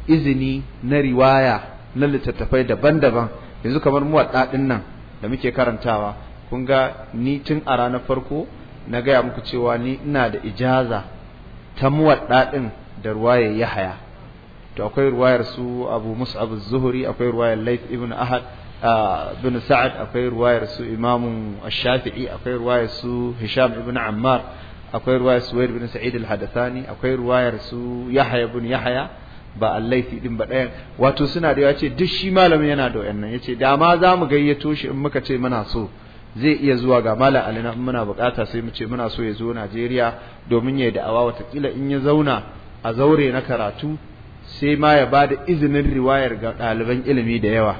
izini na riwaya na littattafai daban-daban yanzu kamar mu ɗaɗin nan da muke karantawa kun ga ni tun a ranar farko na gaya muku cewa ni ina da ijaza ta muwadda ɗaɗin da ruwaye ya haya to akwai ruwayar su Abu Mus'ab az akwai ruwayar laif ibn Ahad bin Sa'ad akwai ruwayar su Imam Ash-Shafi'i akwai ruwayar su Hisham ibn Ammar akwai ruwayar su ibn Sa'id al-Hadathani akwai ruwayar su Yahya ibn Yahya ba al ɗin din ba ɗayan wato suna da yace duk shi malamin yana da wannan yace da ma za mu gayyato shi in muka ce muna so zai iya zuwa ga malam alina in muna bukata sai mu ce muna so ya zo Najeriya domin ya da'awa watakila in ya zauna a zaure na karatu sai ma ya ba da izinin riwayar ga ɗaliban ilimi da yawa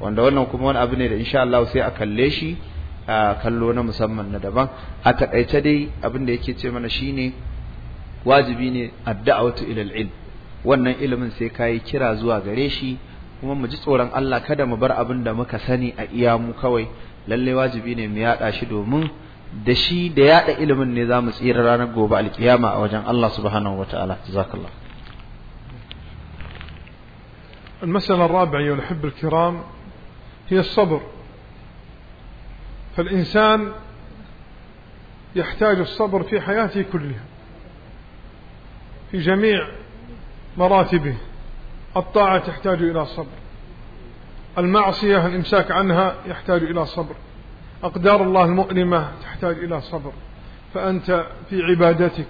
wanda wannan kuma wani abu ne da insha Allah sai a kalle shi a kallo na musamman na daban a takaice dai abin da yake ce mana shine wajibi ne addu'atu ilal ilm wannan ilimin sai kai kira zuwa gare shi kuma mu ji tsoron Allah kada mu bar abin da muka sani a iya mu kawai lalle wajibi ne mu yada shi domin da shi da yada ilimin ne za mu tsira ranar gobe alkiyama a wajen Allah subhanahu wataala jazakallah المسألة الرابعة أيها الأحبة الكرام هي الصبر فالإنسان يحتاج الصبر في حياته كلها في جميع مراتبه الطاعة تحتاج إلى صبر المعصية الإمساك عنها يحتاج إلى صبر أقدار الله المؤلمة تحتاج إلى صبر فأنت في عبادتك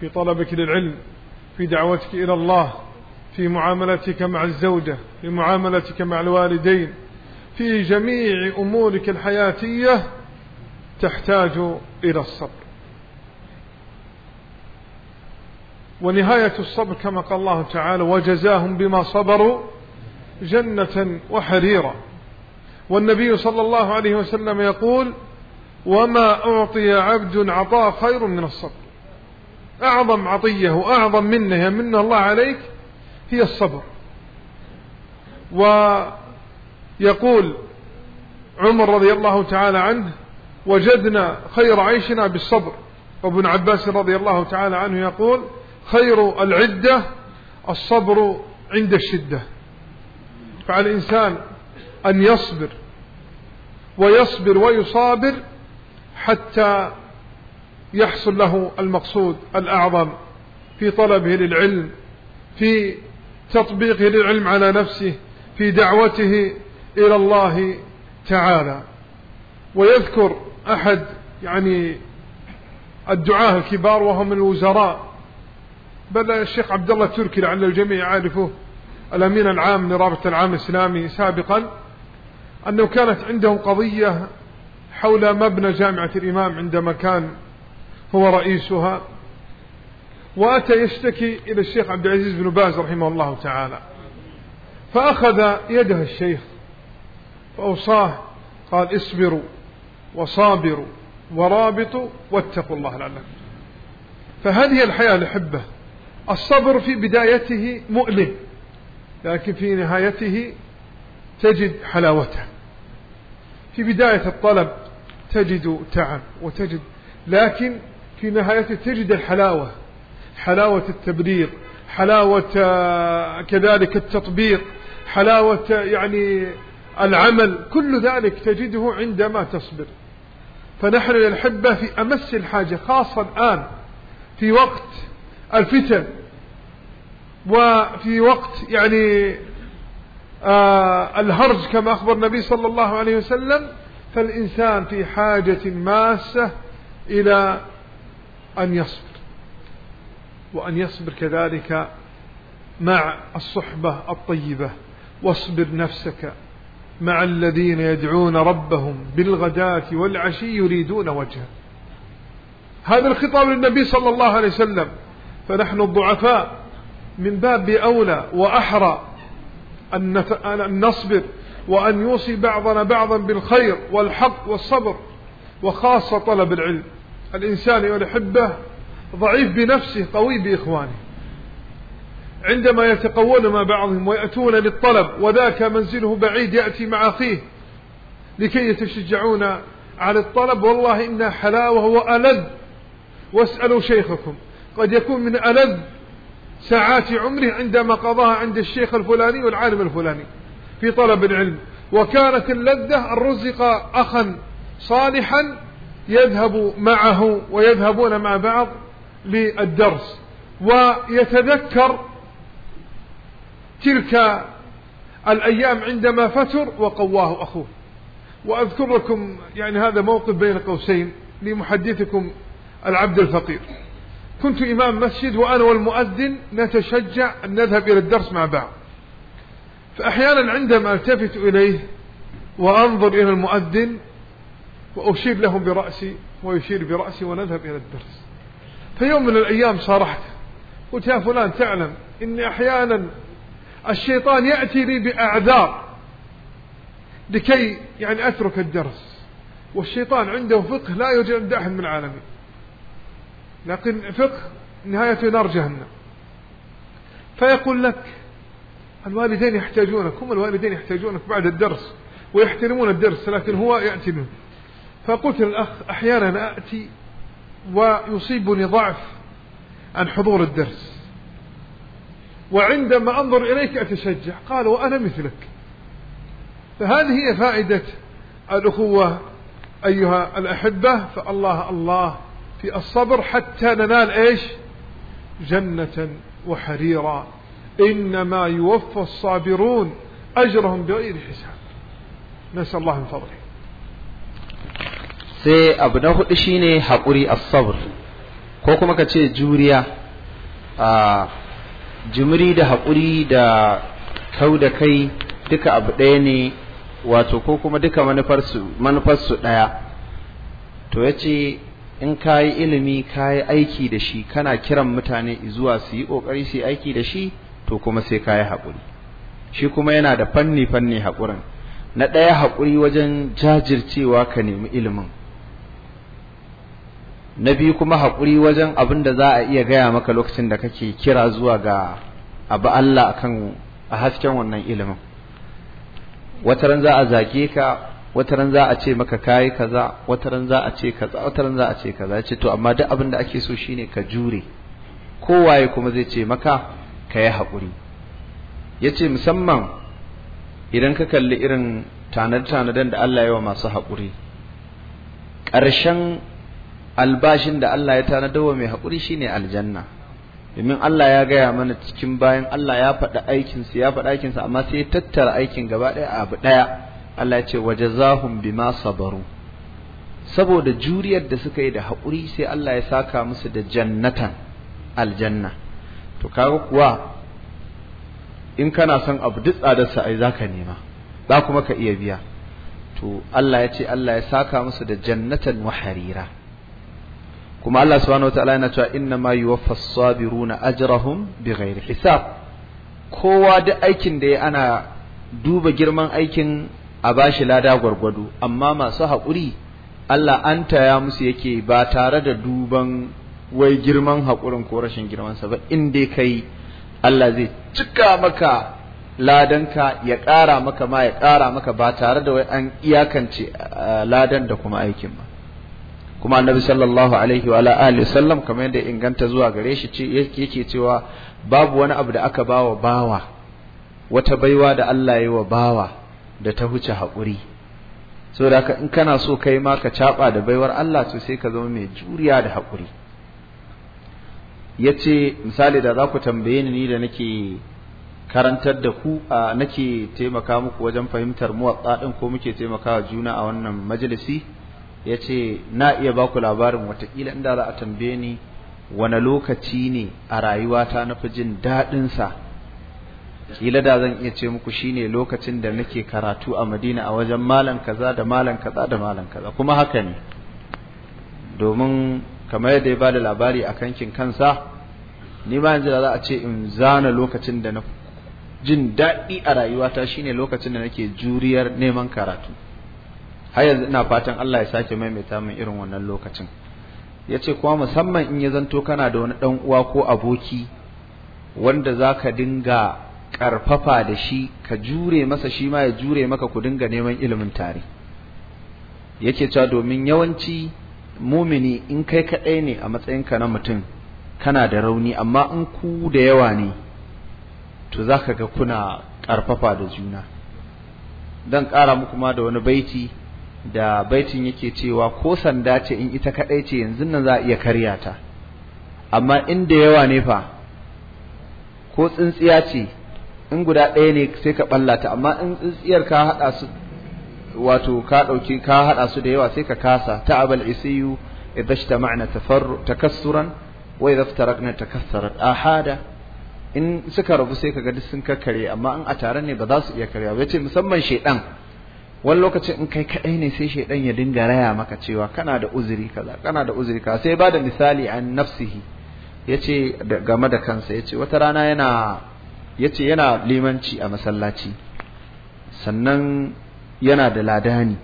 في طلبك للعلم في دعوتك إلى الله في معاملتك مع الزوجة في معاملتك مع الوالدين في جميع أمورك الحياتية تحتاج إلى الصبر ونهاية الصبر كما قال الله تعالى وجزاهم بما صبروا جنة وحريرا والنبي صلى الله عليه وسلم يقول وما أعطي عبد عطاء خير من الصبر أعظم عطية وأعظم منه يمن الله عليك هي الصبر ويقول عمر رضي الله تعالى عنه وجدنا خير عيشنا بالصبر وابن عباس رضي الله تعالى عنه يقول خير العدة الصبر عند الشدة فعلى الإنسان أن يصبر ويصبر ويصابر حتى يحصل له المقصود الأعظم في طلبه للعلم في تطبيقه للعلم على نفسه في دعوته إلى الله تعالى ويذكر أحد يعني الدعاة الكبار وهم الوزراء بل الشيخ عبد الله التركي لعل الجميع يعرفه الأمين العام لرابطة العام الإسلامي سابقا أنه كانت عنده قضية حول مبنى جامعة الإمام عندما كان هو رئيسها وأتى يشتكي إلى الشيخ عبد العزيز بن باز رحمه الله تعالى فأخذ يده الشيخ فأوصاه قال اصبروا وصابروا ورابطوا واتقوا الله لعلكم فهذه الحياة الأحبة الصبر في بدايته مؤلم لكن في نهايته تجد حلاوته في بداية الطلب تجد تعب وتجد لكن في نهايته تجد الحلاوة حلاوة التبرير حلاوة آه، كذلك التطبيق حلاوة آه، يعني العمل كل ذلك تجده عندما تصبر فنحن الأحبة في أمس الحاجة خاصة الآن في وقت الفتن وفي وقت يعني آه الهرج كما أخبر النبي صلى الله عليه وسلم فالإنسان في حاجة ماسة إلى أن يصبر وأن يصبر كذلك مع الصحبة الطيبة واصبر نفسك مع الذين يدعون ربهم بالغداة والعشي يريدون وجهه هذا الخطاب للنبي صلى الله عليه وسلم فنحن الضعفاء من باب أولى وأحرى أن نصبر وأن يوصي بعضنا بعضا بالخير والحق والصبر وخاصة طلب العلم الإنسان يحبه ضعيف بنفسه قوي بإخوانه عندما يتقون مع بعضهم ويأتون للطلب وذاك منزله بعيد يأتي مع أخيه لكي يتشجعون على الطلب والله إن حلاوة وألذ واسألوا شيخكم قد يكون من ألذ ساعات عمره عندما قضاها عند الشيخ الفلاني والعالم الفلاني في طلب العلم وكانت اللذة أن رزق أخا صالحا يذهب معه ويذهبون مع بعض للدرس ويتذكر تلك الأيام عندما فتر وقواه أخوه وأذكر لكم يعني هذا موقف بين قوسين لمحدثكم العبد الفقير كنت إمام مسجد وأنا والمؤذن نتشجع أن نذهب إلى الدرس مع بعض فأحيانا عندما التفت إليه وأنظر إلى المؤذن وأشير له برأسي ويشير برأسي ونذهب إلى الدرس في يوم من الأيام صرحت قلت يا فلان تعلم إني أحيانا الشيطان يأتي لي بأعذار لكي يعني أترك الدرس والشيطان عنده فقه لا يوجد عند أحد من العالمين لكن فقه نهاية نار جهنم فيقول لك الوالدين يحتاجونك هم الوالدين يحتاجونك بعد الدرس ويحترمون الدرس لكن هو يأتي منه فقلت للأخ أحيانا أأتي ويصيبني ضعف عن حضور الدرس وعندما أنظر إليك أتشجع قال وأنا مثلك فهذه هي فائدة الأخوة أيها الأحبة فالله الله في الصبر حتى ننال إيش جنة وحريرا إنما يوفى الصابرون أجرهم بغير حساب نسأل الله من فضله sai abu na hudu shine haƙuri a sabr ko kuma ka ce juriya a jimiri da haƙuri da kau da kai duka abu ɗaya ne wato ko kuma duka manufar manufarsu ɗaya to ya ce in ka yi ilimi ka yi aiki da shi kana kiran mutane zuwa su yi ƙoƙari su yi aiki da shi to kuma sai ka yi haƙuri shi kuma yana da fanni fanni haƙurin na ɗaya haƙuri wajen jajircewa ka nemi ilimin na biyu kuma haƙuri wajen abin da za a iya gaya maka lokacin da kake kira zuwa ga abu Allah akan a hasken wannan ilimin Wata ran za a zage ka wataran za a ce maka kayi kaza wataran za a ce kaza wataran za a ce kaza ce to amma duk abin da ake so shine ka jure kowaye kuma zai ce maka ka yi haƙuri ya ce musamman idan ka kalli irin tanar-tanadan da Allah wa masu haƙuri ƙarshen albashin da Allah ya tanadar wa mai haƙuri shine aljanna domin Allah ya gaya mana cikin bayan Allah ya faɗi aikinsu ya faɗi aikinsa amma sai ya tattara aikin gaba ɗaya abu ɗaya Allah ya ce wa jazahum bima sabaru saboda juriyar da suka yi da haƙuri sai Allah ya saka musu da jannatan aljanna to kaga kuwa in kana son abu duk tsadarsa ai zaka nema za kuma ka iya biya to Allah ya ce Allah ya saka musu da jannatan wa harira kuma Allah subhanahu wataala yana cewa inna ma as sabiruna ajrahum bighairi hisab kowa duk aikin da ya ana duba girman aikin a bashi lada gwargwado amma masu haƙuri Allah an taya musu yake ba tare da duban wai girman haƙurin ko rashin girmansa ba in dai kai Allah zai cika maka ladanka ya ƙara maka ma ya ƙara maka ba tare da wai an iyakance eh, ladan da kuma aikin ba kuma annabi sallallahu alaihi wa alihi sallam kamar yadda inganta zuwa gare shi yake cewa babu wani abu da aka bawa bawa wata baiwa da Allah ya yi wa bawa da ta huce haƙuri saboda haka in kana so kai ma ka caba da baiwar Allah to sai ka zama mai juriya da haƙuri yace misali da za ku tambaye ni da nake karantar da ku nake taimaka muku wajen fahimtar muwatta din ko muke taimakawa juna a wannan majalisi ya ce na iya ba ku labarin watakila inda za a tambaye ni wani lokaci ne a rayuwata na fi jin daɗinsa kila da zan iya ce muku shine lokacin da nake karatu a madina a wajen malam kaza da malam kaza da malam kaza kuma haka ne domin kamar yadda ya ba da labari a kankin kansa ni ba yanzu da za a ce in zana lokacin da na jin daɗi a rayuwata shine lokacin da nake juriyar neman karatu har yanzu ina fatan Allah ya sake maimaita min irin wannan lokacin yace kuma musamman in ya zanto kana da wani dan uwa ko aboki wanda zaka dinga karfafa da shi ka jure masa shi ma ya jure maka ku dinga neman ilimin tare yake cewa domin yawanci mumini in kai kaɗai ne a matsayin ka na mutum kana da rauni amma in ku da yawa ne to zaka ga kuna karfafa da juna dan ƙara muku ma da wani baiti da baitin yake cewa ko sanda ce in ita kadai ce yanzu nan za a iya karya ta amma in da yawa ne fa ko tsintsiya ce in guda ɗaya ne sai ka ɓallata amma in tsintsiyar ka hada su wato ka dauki ka hada su da yawa sai ka kasa ta abal isiyu idza ijtama'na tafarru takassuran wa idza iftaraqna takassarat ahada in suka rabu sai kaga duk sun kakkare amma in a tare ne ba za su iya karya ba yace musamman shedan wani lokacin in kai kaɗai ne sai shaidan ya dinga raya maka cewa kana da uzuri kaza kana da uzuri kaza sai ba da misali an nafsihi ce game da kansa ya ce wata rana yana ya ce yana limanci a masallaci sannan yana da ladani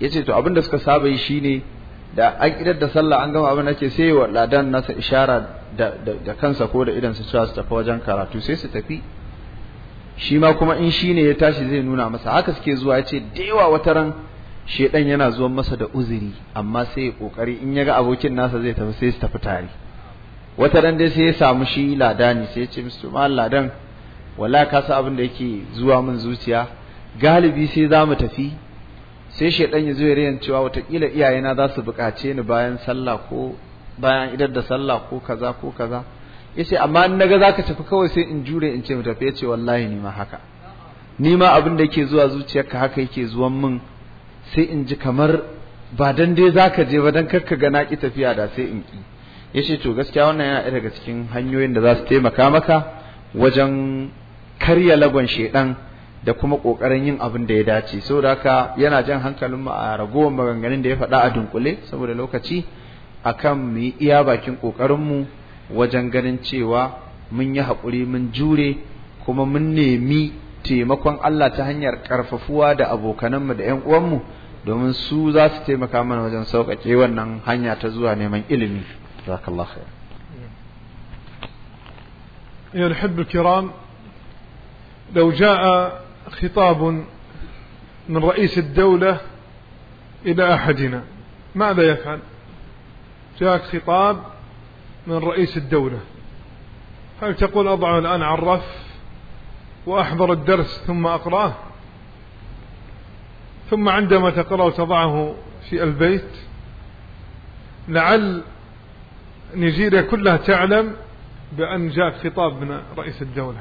Ya ce to abinda suka saba yi shi ne da an idar da sallah an gama abin ake ke sai wa ladan nasa ishara da kansa ko da idan su cewa su tafi wajen karatu sai su tafi shi ma kuma in shi ne ya tashi zai nuna masa haka suke zuwa ya ce da wata ran shedan yana zuwa masa da uzuri amma sai ya kokari in ya ga abokin nasa zai tafi sai su tafi tare wata ran dai sai ya samu shi Lada ne sai ya ce musu ma ladan wala ka sa abin da yake zuwa min zuciya galibi sai za mu tafi sai shedan ya zo ya rayan cewa watakila iyayena za su buƙace ni bayan sallah ko bayan idar da sallah ko kaza ko kaza yace amma in naga zaka tafi kawai sai in jure in ce mu tafi yace wallahi ni ma haka ni ma abin da yake zuwa zuciyarka haka yake zuwan min sai in ji kamar ba dan dai zaka je ba dan karka ga na ki tafiya da sai in ki yace to gaskiya wannan yana daga cikin hanyoyin da za su taimaka maka wajen karya lagon shedan da kuma kokarin yin abin da ya dace saboda haka yana jan hankalin mu a ragowar maganganun da ya faɗa a dunkule saboda lokaci akan mu yi iya bakin kokarin mu wajen ganin cewa mun yi haƙuri mun jure kuma mun nemi taimakon Allah ta hanyar ƙarfafuwa da abokananmu da 'yan uwanmu domin su za su taimaka mana wajen sauƙaƙe wannan hanya ta zuwa neman ilimi jazakallah khair ya alhib kiram law jaa khitab min ra'is ad-dawla ila ahadina ماذا يفعل جاءك خطاب من رئيس الدولة هل تقول أضعه الآن على الرف وأحضر الدرس ثم أقرأه ثم عندما تقرأ تضعه في البيت لعل نيجيريا كلها تعلم بأن جاء خطاب من رئيس الدولة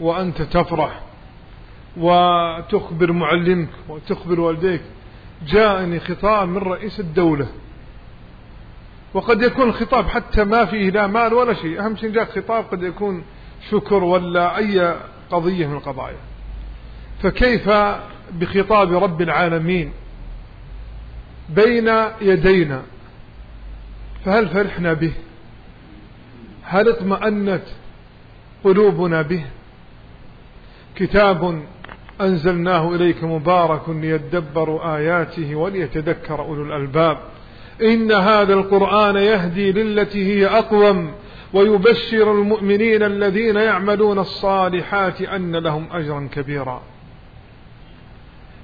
وأنت تفرح وتخبر معلمك وتخبر والديك جاءني خطاب من رئيس الدولة وقد يكون الخطاب حتى ما فيه لا مال ولا شيء أهم شيء جاءك خطاب قد يكون شكر ولا أي قضية من القضايا فكيف بخطاب رب العالمين بين يدينا فهل فرحنا به هل اطمأنت قلوبنا به كتاب أنزلناه إليك مبارك ليدبروا آياته وليتذكر أولو الألباب إن هذا القرآن يهدي للتي هي أقوم ويبشر المؤمنين الذين يعملون الصالحات أن لهم أجرا كبيرا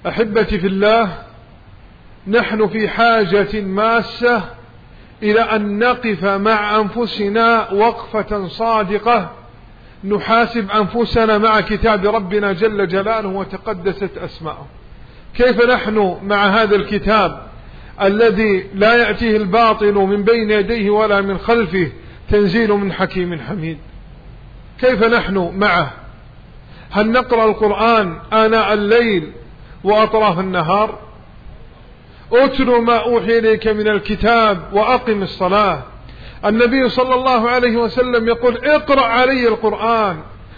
أحبتي في الله نحن في حاجة ماسة إلى أن نقف مع أنفسنا وقفة صادقة نحاسب أنفسنا مع كتاب ربنا جل جلاله وتقدست أسماءه كيف نحن مع هذا الكتاب الذي لا يأتيه الباطل من بين يديه ولا من خلفه تنزيل من حكيم حميد كيف نحن معه هل نقرأ القرآن آناء الليل وأطراف النهار اتل ما أوحي إليك من الكتاب وأقم الصلاة النبي صلى الله عليه وسلم يقول اقرأ علي القرآن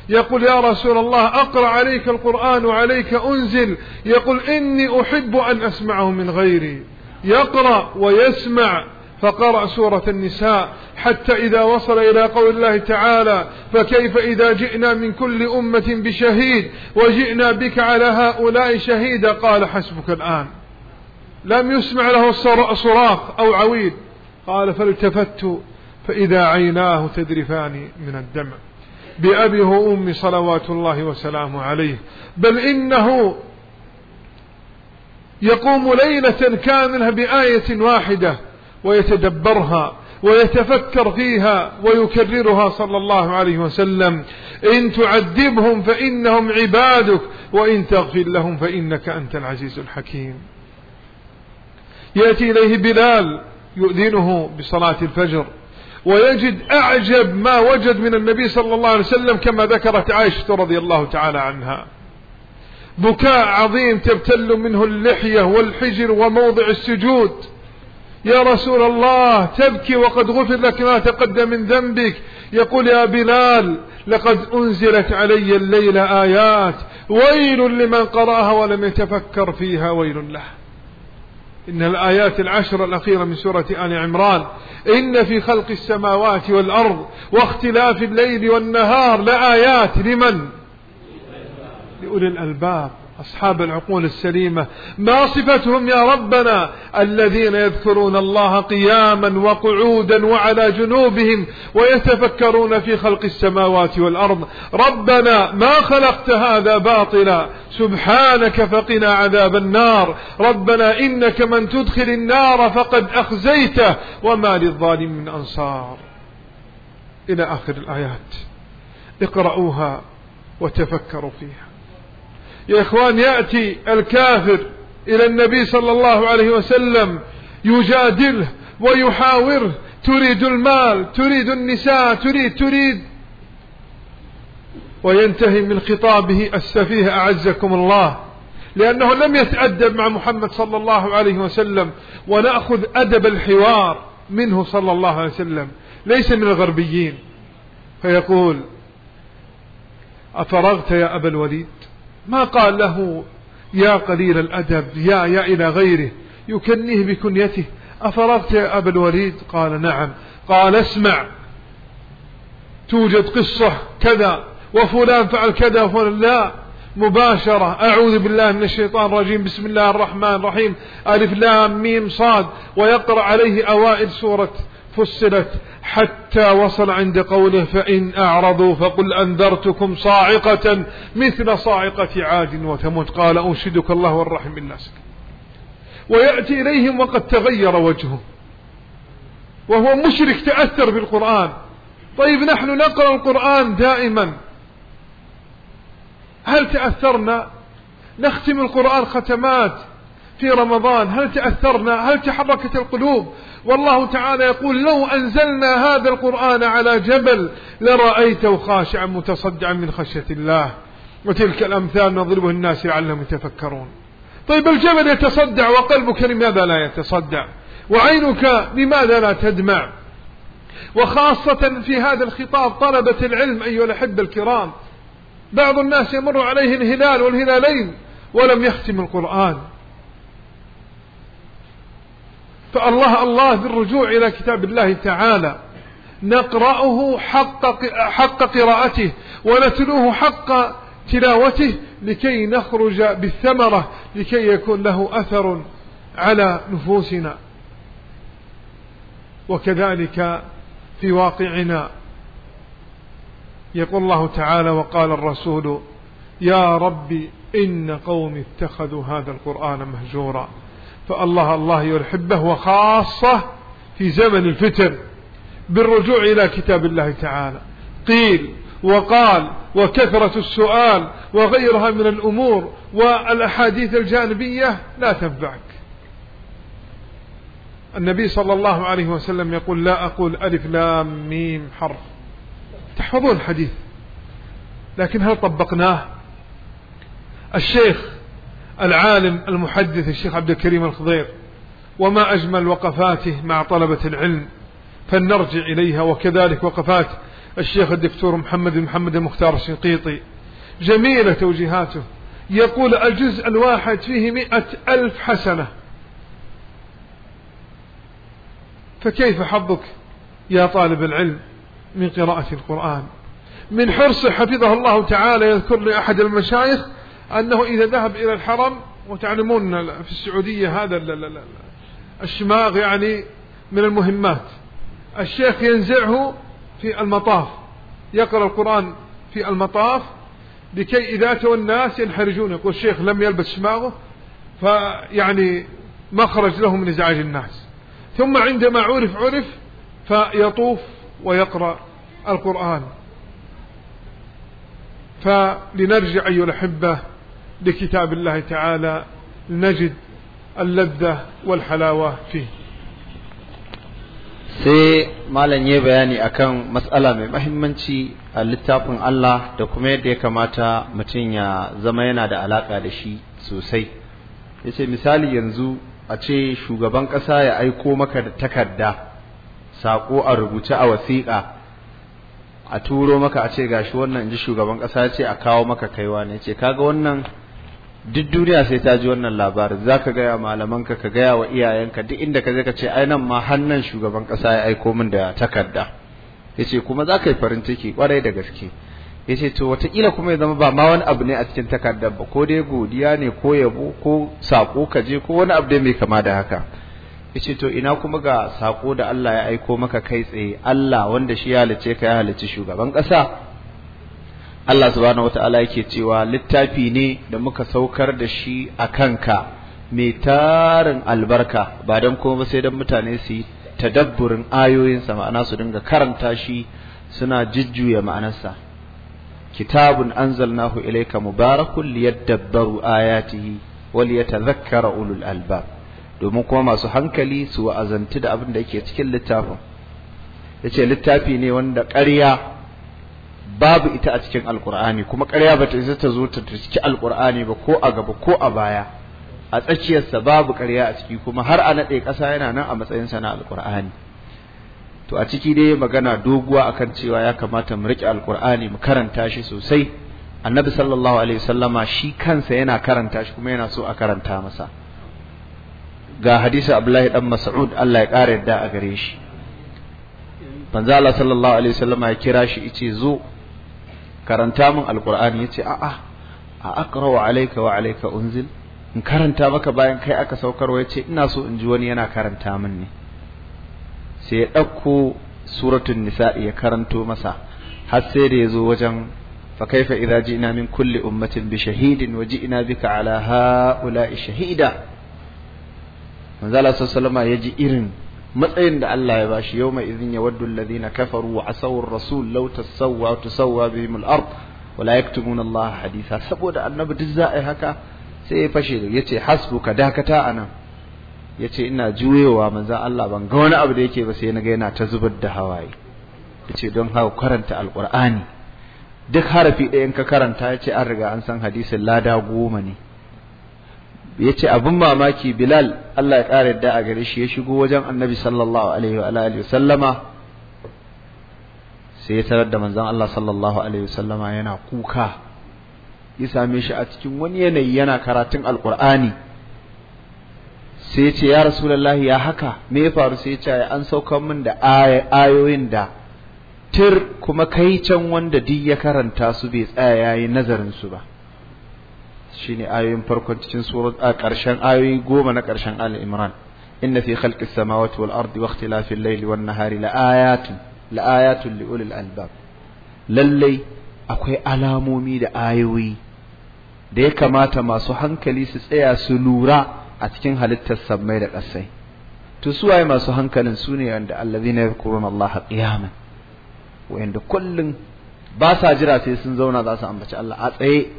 يقول يا رسول الله أقرأ عليك القرآن وعليك أنزل يقول إني أحب أن أسمعه من غيري يقرأ ويسمع فقرأ سورة النساء حتى إذا وصل إلى قول الله تعالى فكيف إذا جئنا من كل أمة بشهيد وجئنا بك على هؤلاء شهيدا قال حسبك الآن لم يسمع له صراخ أو عويل قال فالتفت فإذا عيناه تدرفان من الدمع بأبيه وأمي صلوات الله وسلامه عليه بل إنه يقوم ليلة كاملة بآية واحدة ويتدبرها ويتفكر فيها ويكررها صلى الله عليه وسلم إن تعذبهم فإنهم عبادك وإن تغفر لهم فإنك أنت العزيز الحكيم يأتي إليه بلال يؤذنه بصلاة الفجر ويجد أعجب ما وجد من النبي صلى الله عليه وسلم كما ذكرت عائشة رضي الله تعالى عنها بكاء عظيم تبتل منه اللحية والحجر وموضع السجود يا رسول الله تبكي وقد غفر لك ما تقدم من ذنبك يقول يا بلال لقد أنزلت علي الليلة آيات ويل لمن قرأها ولم يتفكر فيها ويل له إن الآيات العشر الأخيرة من سورة آل عمران إن في خلق السماوات والأرض واختلاف الليل والنهار لآيات لمن لأولي الألباب أصحاب العقول السليمة ما صفتهم يا ربنا الذين يذكرون الله قياما وقعودا وعلى جنوبهم ويتفكرون في خلق السماوات والأرض ربنا ما خلقت هذا باطلا سبحانك فقنا عذاب النار ربنا إنك من تدخل النار فقد أخزيته وما للظالم من أنصار إلى آخر الآيات اقرأوها وتفكروا فيها يا إخوان يأتي الكافر إلى النبي صلى الله عليه وسلم يجادله ويحاوره تريد المال تريد النساء تريد تريد وينتهي من خطابه السفيه أعزكم الله لأنه لم يتأدب مع محمد صلى الله عليه وسلم ونأخذ أدب الحوار منه صلى الله عليه وسلم ليس من الغربيين فيقول أفرغت يا أبا الوليد ما قال له يا قليل الأدب يا يا إلى غيره يكنيه بكنيته أفرغت يا أبا الوليد قال نعم قال اسمع توجد قصة كذا وفلان فعل كذا وفلان لا مباشرة أعوذ بالله من الشيطان الرجيم بسم الله الرحمن الرحيم ألف لام ميم صاد ويقرأ عليه أوائل سورة فصلت حتى وصل عند قوله فإن أعرضوا فقل أنذرتكم صاعقة مثل صاعقة عاد وثمود قال أنشدك الله والرحم بالناس ويأتي إليهم وقد تغير وجهه وهو مشرك تأثر بالقرآن طيب نحن نقرأ القرآن دائما هل تأثرنا نختم القرآن ختمات في رمضان هل تأثرنا هل تحركت القلوب والله تعالى يقول لو أنزلنا هذا القرآن على جبل لرأيته خاشعا متصدعا من خشية الله وتلك الأمثال نضربه الناس لعلهم يتفكرون طيب الجبل يتصدع وقلبك لماذا لا يتصدع وعينك لماذا لا تدمع وخاصة في هذا الخطاب طلبة العلم أيها الأحبة الكرام بعض الناس يمر عليه الهلال والهلالين ولم يختم القرآن فالله الله بالرجوع إلى كتاب الله تعالى نقرأه حق, حق قراءته ونتلوه حق تلاوته لكي نخرج بالثمرة لكي يكون له أثر على نفوسنا وكذلك في واقعنا يقول الله تعالى وقال الرسول يا ربي إن قوم اتخذوا هذا القرآن مهجورا فالله الله يحبه وخاصة في زمن الفتن بالرجوع إلى كتاب الله تعالى قيل وقال وكثرة السؤال وغيرها من الأمور والأحاديث الجانبية لا تنفعك النبي صلى الله عليه وسلم يقول لا أقول ألف لام ميم حرف تحفظون الحديث لكن هل طبقناه الشيخ العالم المحدث الشيخ عبد الكريم الخضير وما أجمل وقفاته مع طلبة العلم فلنرجع إليها وكذلك وقفات الشيخ الدكتور محمد بن محمد المختار الشنقيطي جميلة توجيهاته يقول الجزء الواحد فيه مئة ألف حسنة فكيف حظك يا طالب العلم من قراءة القرآن من حرص حفظه الله تعالى يذكر لأحد المشايخ أنه إذا ذهب إلى الحرم وتعلمون في السعودية هذا الشماغ يعني من المهمات الشيخ ينزعه في المطاف يقرأ القرآن في المطاف لكي إذا توا الناس ينحرجون يقول الشيخ لم يلبس شماغه فيعني مخرج له من إزعاج الناس ثم عندما عرف عرف فيطوف ويقرأ القرآن فلنرجع أيها الأحبة لكتاب الله تعالى نجد اللذة والحلاوة فيه sai malam ya bayani akan matsala mai mahimmanci a littafin Allah da kuma yadda ya kamata mutum ya zama yana da alaƙa da shi sosai ya ce misali yanzu a ce shugaban ƙasa ya aiko maka da takarda saƙo a rubuce a wasiƙa a turo maka a ce gashi wannan ji shugaban ƙasa ya ce a kawo maka kaiwa ne ce kaga wannan duk duniya sai ta ji wannan labarin za ka gaya malamanka ka gaya wa iyayenka duk inda ka zai ka ce ai ma hannan shugaban kasa ya aiko min da takarda ya ce kuma za ka yi farin ciki kwarai da gaske ya ce to wataƙila kuma ya zama ba ma wani abu ne a cikin takardar ba ko dai godiya ne ko yabo ko saƙo ka je ko wani abu dai mai kama da haka ya ce to ina kuma ga saƙo da Allah ya aiko maka kai tsaye Allah wanda shi ya halice ka ya halici shugaban ƙasa Allah subhanahu ta’ala yake cewa littafi ne da muka saukar da shi a kanka mai tarin albarka ba don kuma sai don mutane su yi tadabburin ayoyinsa ma'ana su dinga karanta shi suna jujjuya ma'anarsa kitabun anzalnahu ilaika mubarakun liyadabbaru ayatihi wa liyatadhakkara ulul albab domin kuma masu hankali su wa'azantu da abin da yake cikin littafin yace littafi ne wanda ƙarya babu ita a cikin alkur'ani kuma ƙarya ba ta isa ta zo ta ciki alkur'ani ba ko a gaba ko a baya a tsakiyarsa babu ƙarya a ciki kuma har a naɗe ƙasa yana nan a matsayinsa na alkur'ani to a ciki dai magana doguwa akan cewa ya kamata mu riƙe alkur'ani mu karanta shi sosai annabi sallallahu alaihi wasallama shi kansa yana karanta shi kuma yana so a karanta masa ga hadisi abdullahi dan mas'ud Allah ya ƙara yadda a gare shi manzo Allah sallallahu alaihi wasallama ya kira shi yace zo karanta min alkur'ani yace ce a'a a aqra'u alayka wa alaika unzil in karanta maka bayan kai aka saukarwa yace ina so in ji wani yana karanta min ne sai ya ɗauko suratun nisa'i ya karanto masa har sai da ya zo wajen fa kaifa idza ji'na min kulli ummatin bi shahidin wa ji'na bika ala ha'ula'i shahida manzo sallallahu alaihi wasallam ya ji irin matsayin da Allah ya bashi yawma idhin yawaddu alladhina kafaru wa asaw ar-rasul law tasawwa tusawwa bihim al-ard wa la yaktumuna Allah haditha saboda annabi duk za a yi haka sai ya fashe da yace hasbuka dakata anan yace ina juyewa manzon Allah ban ga wani abu da yake ba sai na yana ta zubar da hawaye yace don haka karanta alqur'ani duk harafi ɗayan ka karanta yace an riga an san hadisin lada goma ne ya ce abin mamaki bilal Allah ya ƙara yadda a gare shi ya shigo wajen annabi sallallahu alaihi wa alihi sallama sai ya tarar da manzon Allah sallallahu alaihi sallama yana kuka ya same shi a cikin wani yanayi yana karatun alqur'ani sai ya ce ya rasulullahi ya haka me ya faru sai ya ce an saukar min da ayoyin da tir kuma kai can wanda duk ya karanta su bai tsaya yayi nazarin su ba shine ayoyin farkon cikin surat a ƙarshen ayoyi goma na ƙarshen Ali Imran inna fi khalqis samawati wal ardi wa ikhtilafil layli wan nahari la ayatun la ayatun li ulil albab lalle akwai alamomi da ayoyi da ya kamata masu hankali su tsaya su lura a cikin halittar sammai da ƙasai to waye masu hankalin su ne wanda allazina yadhkuruna Allah qiyaman wa'anda kullum ba sa jira sai sun zauna za su ambaci Allah a tsaye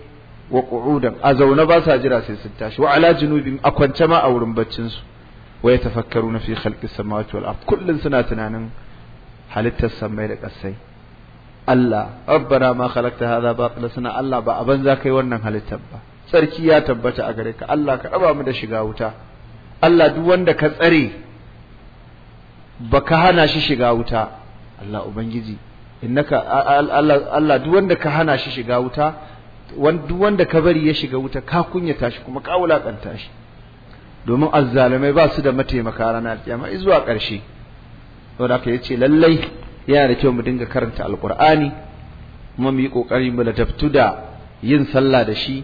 wa qu'udan a zaune ba sa jira sai sun tashi wa ala junubi a kwance ma a wurin baccin su wa na fi khalqi samawati wal ard kullun suna tunanin halittar samai da kasai Allah rabbana ma khalaqta hadha batila sana Allah ba aban za kai wannan halittar ba sarki ya tabbata a gare ka Allah ka raba mu da shiga wuta Allah duk wanda ka tsare baka hana shi shiga wuta Allah ubangiji innaka Allah Allah duk wanda ka hana shi shiga wuta duk wanda ka bari ya shiga wuta ka kunyata shi kuma ka wulakanta shi domin azzalumai ba su da mataimaka ranar alƙiyama zuwa ƙarshe saboda haka yace lallai yana da kyau mu dinga karanta alqur'ani kuma mu yi kokari mu ladabtu da yin sallah da shi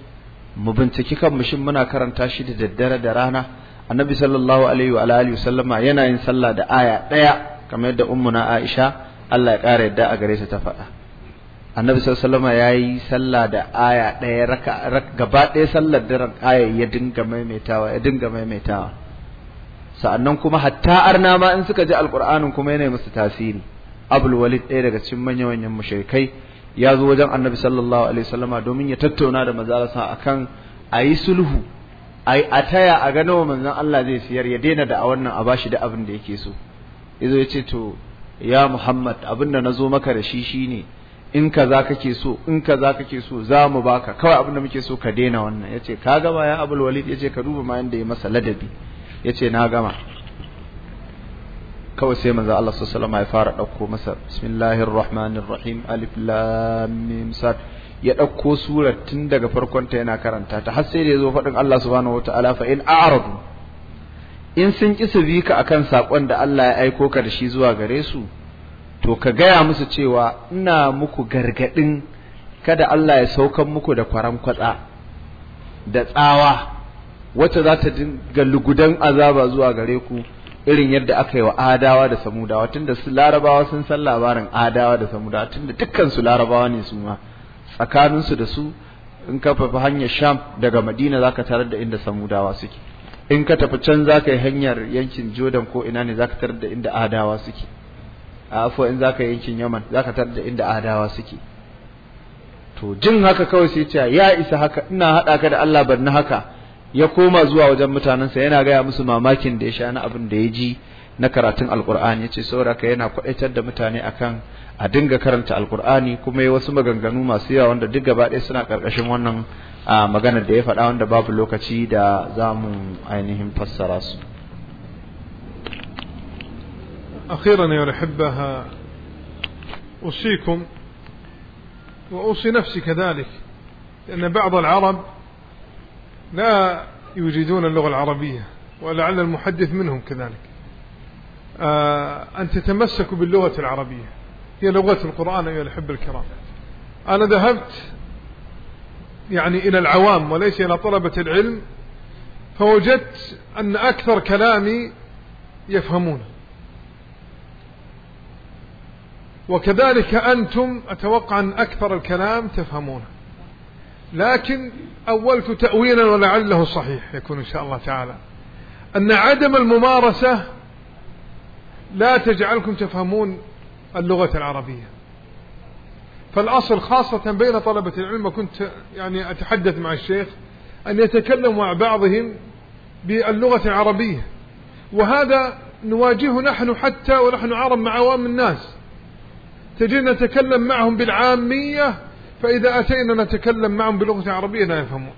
mu binciki kan mushin muna karanta shi da daddare da rana annabi sallallahu alaihi wa alihi sallama yana yin sallah da aya ɗaya, kamar yadda ummuna aisha Allah ya ƙara yadda a gare ta ta faɗa annabi sallallahu alaihi ya yi sallah da aya ɗaya raka gaba ɗaya sallar da aya ya dinga maimaitawa ya dinga maimaitawa sa'annan kuma hatta arna ma in suka ji alqur'anin kuma yana musu tasiri abul walid ɗaya daga cikin manyan manyan mushrikai ya zo wajen annabi sallallahu alaihi wasallama domin ya tattauna da manzalarsa akan ayi sulhu a taya a gano manzon Allah zai siyar ya daina da a wannan a bashi da abin da yake so yazo ya ce to ya Muhammad abin da na zo maka da shi shine in kaza kake so in kaza kake so za mu baka kawai abin muke so ka daina wannan ya ce ka gama ya abul walid ce ka duba ma yadda ya masa ladabi ya ce na gama kawai sai manzo Allah sallallahu alaihi ya fara ɗauko masa bismillahir rahmanir rahim alif lam mim ya dauko surar tun daga farkon ta yana karanta ta har sai da yazo fadin Allah subhanahu wataala fa in Arabu. in sun kisa bi ka akan sakon da Allah ya aiko ka da shi zuwa gare su to ka gaya musu cewa ina muku gargaɗin kada Allah ya saukan muku da kwaran kwatsa da tsawa wacce za ta dinga lugudan azaba zuwa gare ku irin yadda aka yi wa adawa da samudawa tunda su larabawa sun san labarin adawa da samudawa tunda dukkan su larabawa ne su ma tsakaninsu da su in ka tafi hanyar sham daga madina zaka tarar da inda samudawa suke in ka tafi can zaka yi hanyar yankin jordan ko ina ne zaka tarar da inda adawa suke afo in zaka yankin Yaman zaka tarda inda adawa suke to jin haka kawai sai ce ya isa haka ina hada ka da Allah barna haka ya koma zuwa wajen mutanensa yana gaya musu mamakin da ya sha na abin da ya ji na karatun alkur'ani yace saboda yana kwadaitar da mutane akan a dinga karanta alkur'ani kuma yi wasu maganganu masu yawa wanda duk gaba ɗaya suna karkashin wannan maganar da ya faɗa wanda babu lokaci da zamu ainihin fassara su أخيرا يا الأحبة أوصيكم وأوصي نفسي كذلك لأن بعض العرب لا يجيدون اللغة العربية ولعل المحدث منهم كذلك آه، أن تتمسكوا باللغة العربية هي لغة القرآن أيها الأحبة الكرام أنا ذهبت يعني إلى العوام وليس إلى طلبة العلم فوجدت أن أكثر كلامي يفهمونه وكذلك أنتم أتوقع أن أكثر الكلام تفهمونه لكن أولت تأويلا ولعله صحيح يكون إن شاء الله تعالى أن عدم الممارسة لا تجعلكم تفهمون اللغة العربية فالأصل خاصة بين طلبة العلم وكنت يعني أتحدث مع الشيخ أن يتكلم مع بعضهم باللغة العربية وهذا نواجهه نحن حتى ونحن عرب مع عوام الناس تجدنا نتكلم معهم بالعامية فإذا أتينا نتكلم معهم بلغة عربية لا يفهمون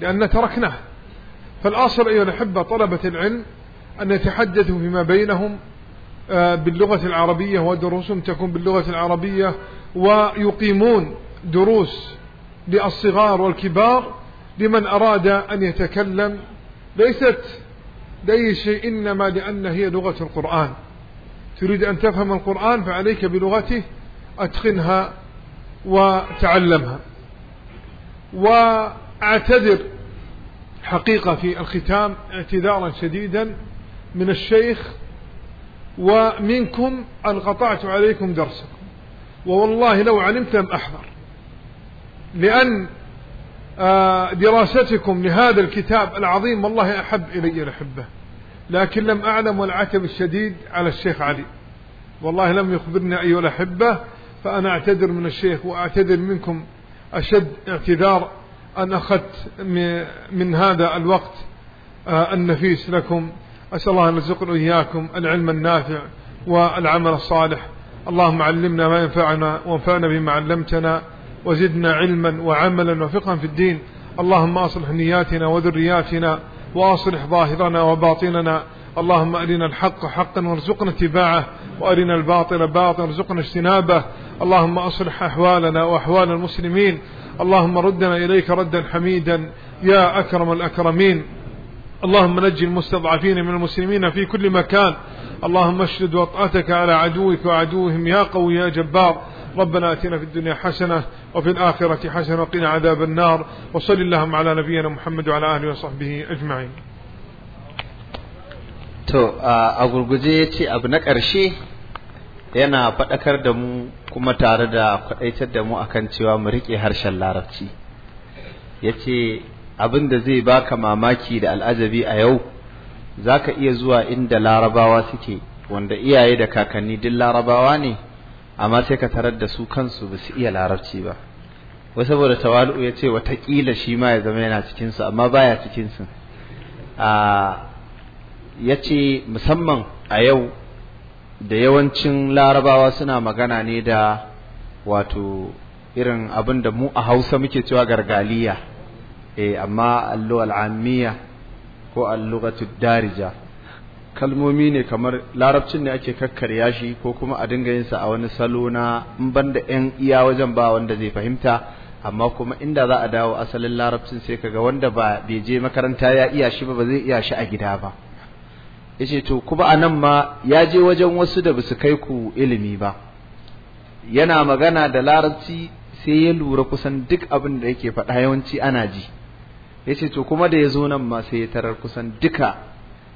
لأن تركناه فالأصل أيها الأحبة طلبة العلم أن يتحدثوا فيما بينهم آه، باللغة العربية ودروسهم تكون باللغة العربية ويقيمون دروس للصغار والكبار لمن أراد أن يتكلم ليست لأي شيء إنما لأن هي لغة القرآن تريد أن تفهم القرآن فعليك بلغته أتقنها وتعلمها واعتذر حقيقة في الختام اعتذارا شديدا من الشيخ ومنكم أن قطعت عليكم درسكم ووالله لو علمت لم أحضر لأن آه، دراستكم لهذا الكتاب العظيم والله أحب إلي الأحبة لكن لم أعلم والعتب الشديد على الشيخ علي والله لم يخبرني أيها الأحبة فأنا أعتذر من الشيخ وأعتذر منكم أشد اعتذار أن أخذت من هذا الوقت آه، النفيس لكم أسأل الله أن يرزقنا إياكم العلم النافع والعمل الصالح اللهم علمنا ما ينفعنا وانفعنا بما علمتنا وزدنا علما وعملا وفقها في الدين اللهم أصلح نياتنا وذرياتنا وأصلح ظاهرنا وباطننا اللهم أرنا الحق حقا وارزقنا اتباعه وأرنا الباطل باطلا وارزقنا اجتنابه اللهم أصلح أحوالنا وأحوال المسلمين اللهم ردنا إليك ردا حميدا يا أكرم الأكرمين اللهم نج المستضعفين من المسلمين في كل مكان اللهم اشدد وطأتك على عدوك وعدوهم يا قوي يا جبار ربنا اتنا في الدنيا حسنة وفي الآخرة حسنة وقنا عذاب النار وصل اللهم على نبينا محمد وعلى آله وصحبه أجمعين to a gurguje ya ce abu na ƙarshe yana faɗakar da mu kuma tare da kwaɗaitar da mu akan cewa mu riƙe harshen larabci ya ce abin da zai baka mamaki da al'ajabi a yau za ka iya zuwa inda larabawa suke wanda iyaye da kakanni duk larabawa ne amma sai ka tarar da su kansu ba su iya larabci ba wai saboda tawalu ya ce watakila shi ma ya zama yana cikinsu amma baya cikinsu ya ce musamman a yau da yawancin larabawa suna magana ne da wato irin abin da mu a hausa muke cewa gargaliya eh amma allo al'amiya ko allugatu darija kalmomi ne kamar larabcin ne ake kakkarya shi ko kuma a dinga yin sa a wani salo na in banda yan iya wajen ba wanda zai fahimta amma kuma inda za a dawo asalin larabcin sai kaga wanda ba bai je makaranta ya iya shi ba ba zai iya shi a gida ba yace to kuma a nan ma ya je wajen wasu da basu kai ku ilimi ba yana magana da larabci sai ya lura kusan duk abin da yake faɗa yawanci ana ji yace to kuma da ya zo nan ma sai ya tarar kusan duka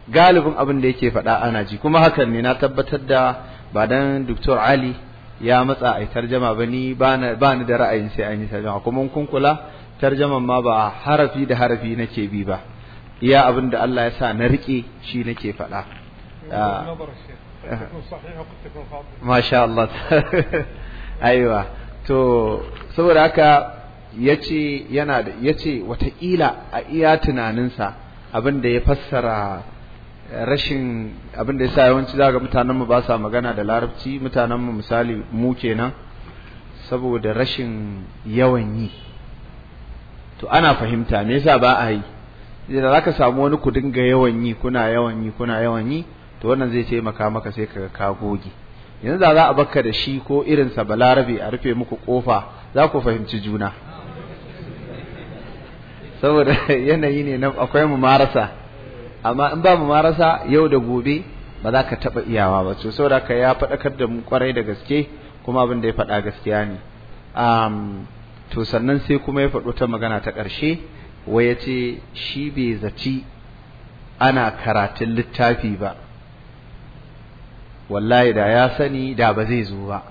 galibin abin da yake faɗa ana ji kuma hakan ne na tabbatar da ba dan Dr. Ali ya matsa a tarjama ba ni ba ni da ra'ayin sai an yi tarjama kuma kun kula tarjaman ma ba harafi da harafi nake bi ba iya abin da Allah ya sa na rike shi nake faɗa ah. eh. masha Allah aiwa to saboda haka yace yana yace watakila a iya tunaninsa abin da ya fassara rashin abin da ya sa yawanci zaga mutanen mu ba sa magana da larabci mutanenmu misali mu kenan saboda rashin yawan yi to ana fahimta me yasa ba a yi da zaka samu wani ku dinga yawan yi kuna yawan yi kuna yawan yi to wannan zai taimaka maka sai kaga ka goge yanzu a za a baka da shi ko irin sa balarabe a rufe muku kofa za ku fahimci juna saboda yanayi ne na akwai mu marasa amma in ba mu marasa yau da gobe ba za ka taba iyawa ba to saboda ka ya faɗakar da mu kwarai da gaske kuma abin da ya faɗa gaskiya ne to sannan sai kuma ya faɗo ta magana ta ƙarshe wai ya ce shi bai zaci ana karatun littafi ba wallahi da ya sani da ba zai zo ba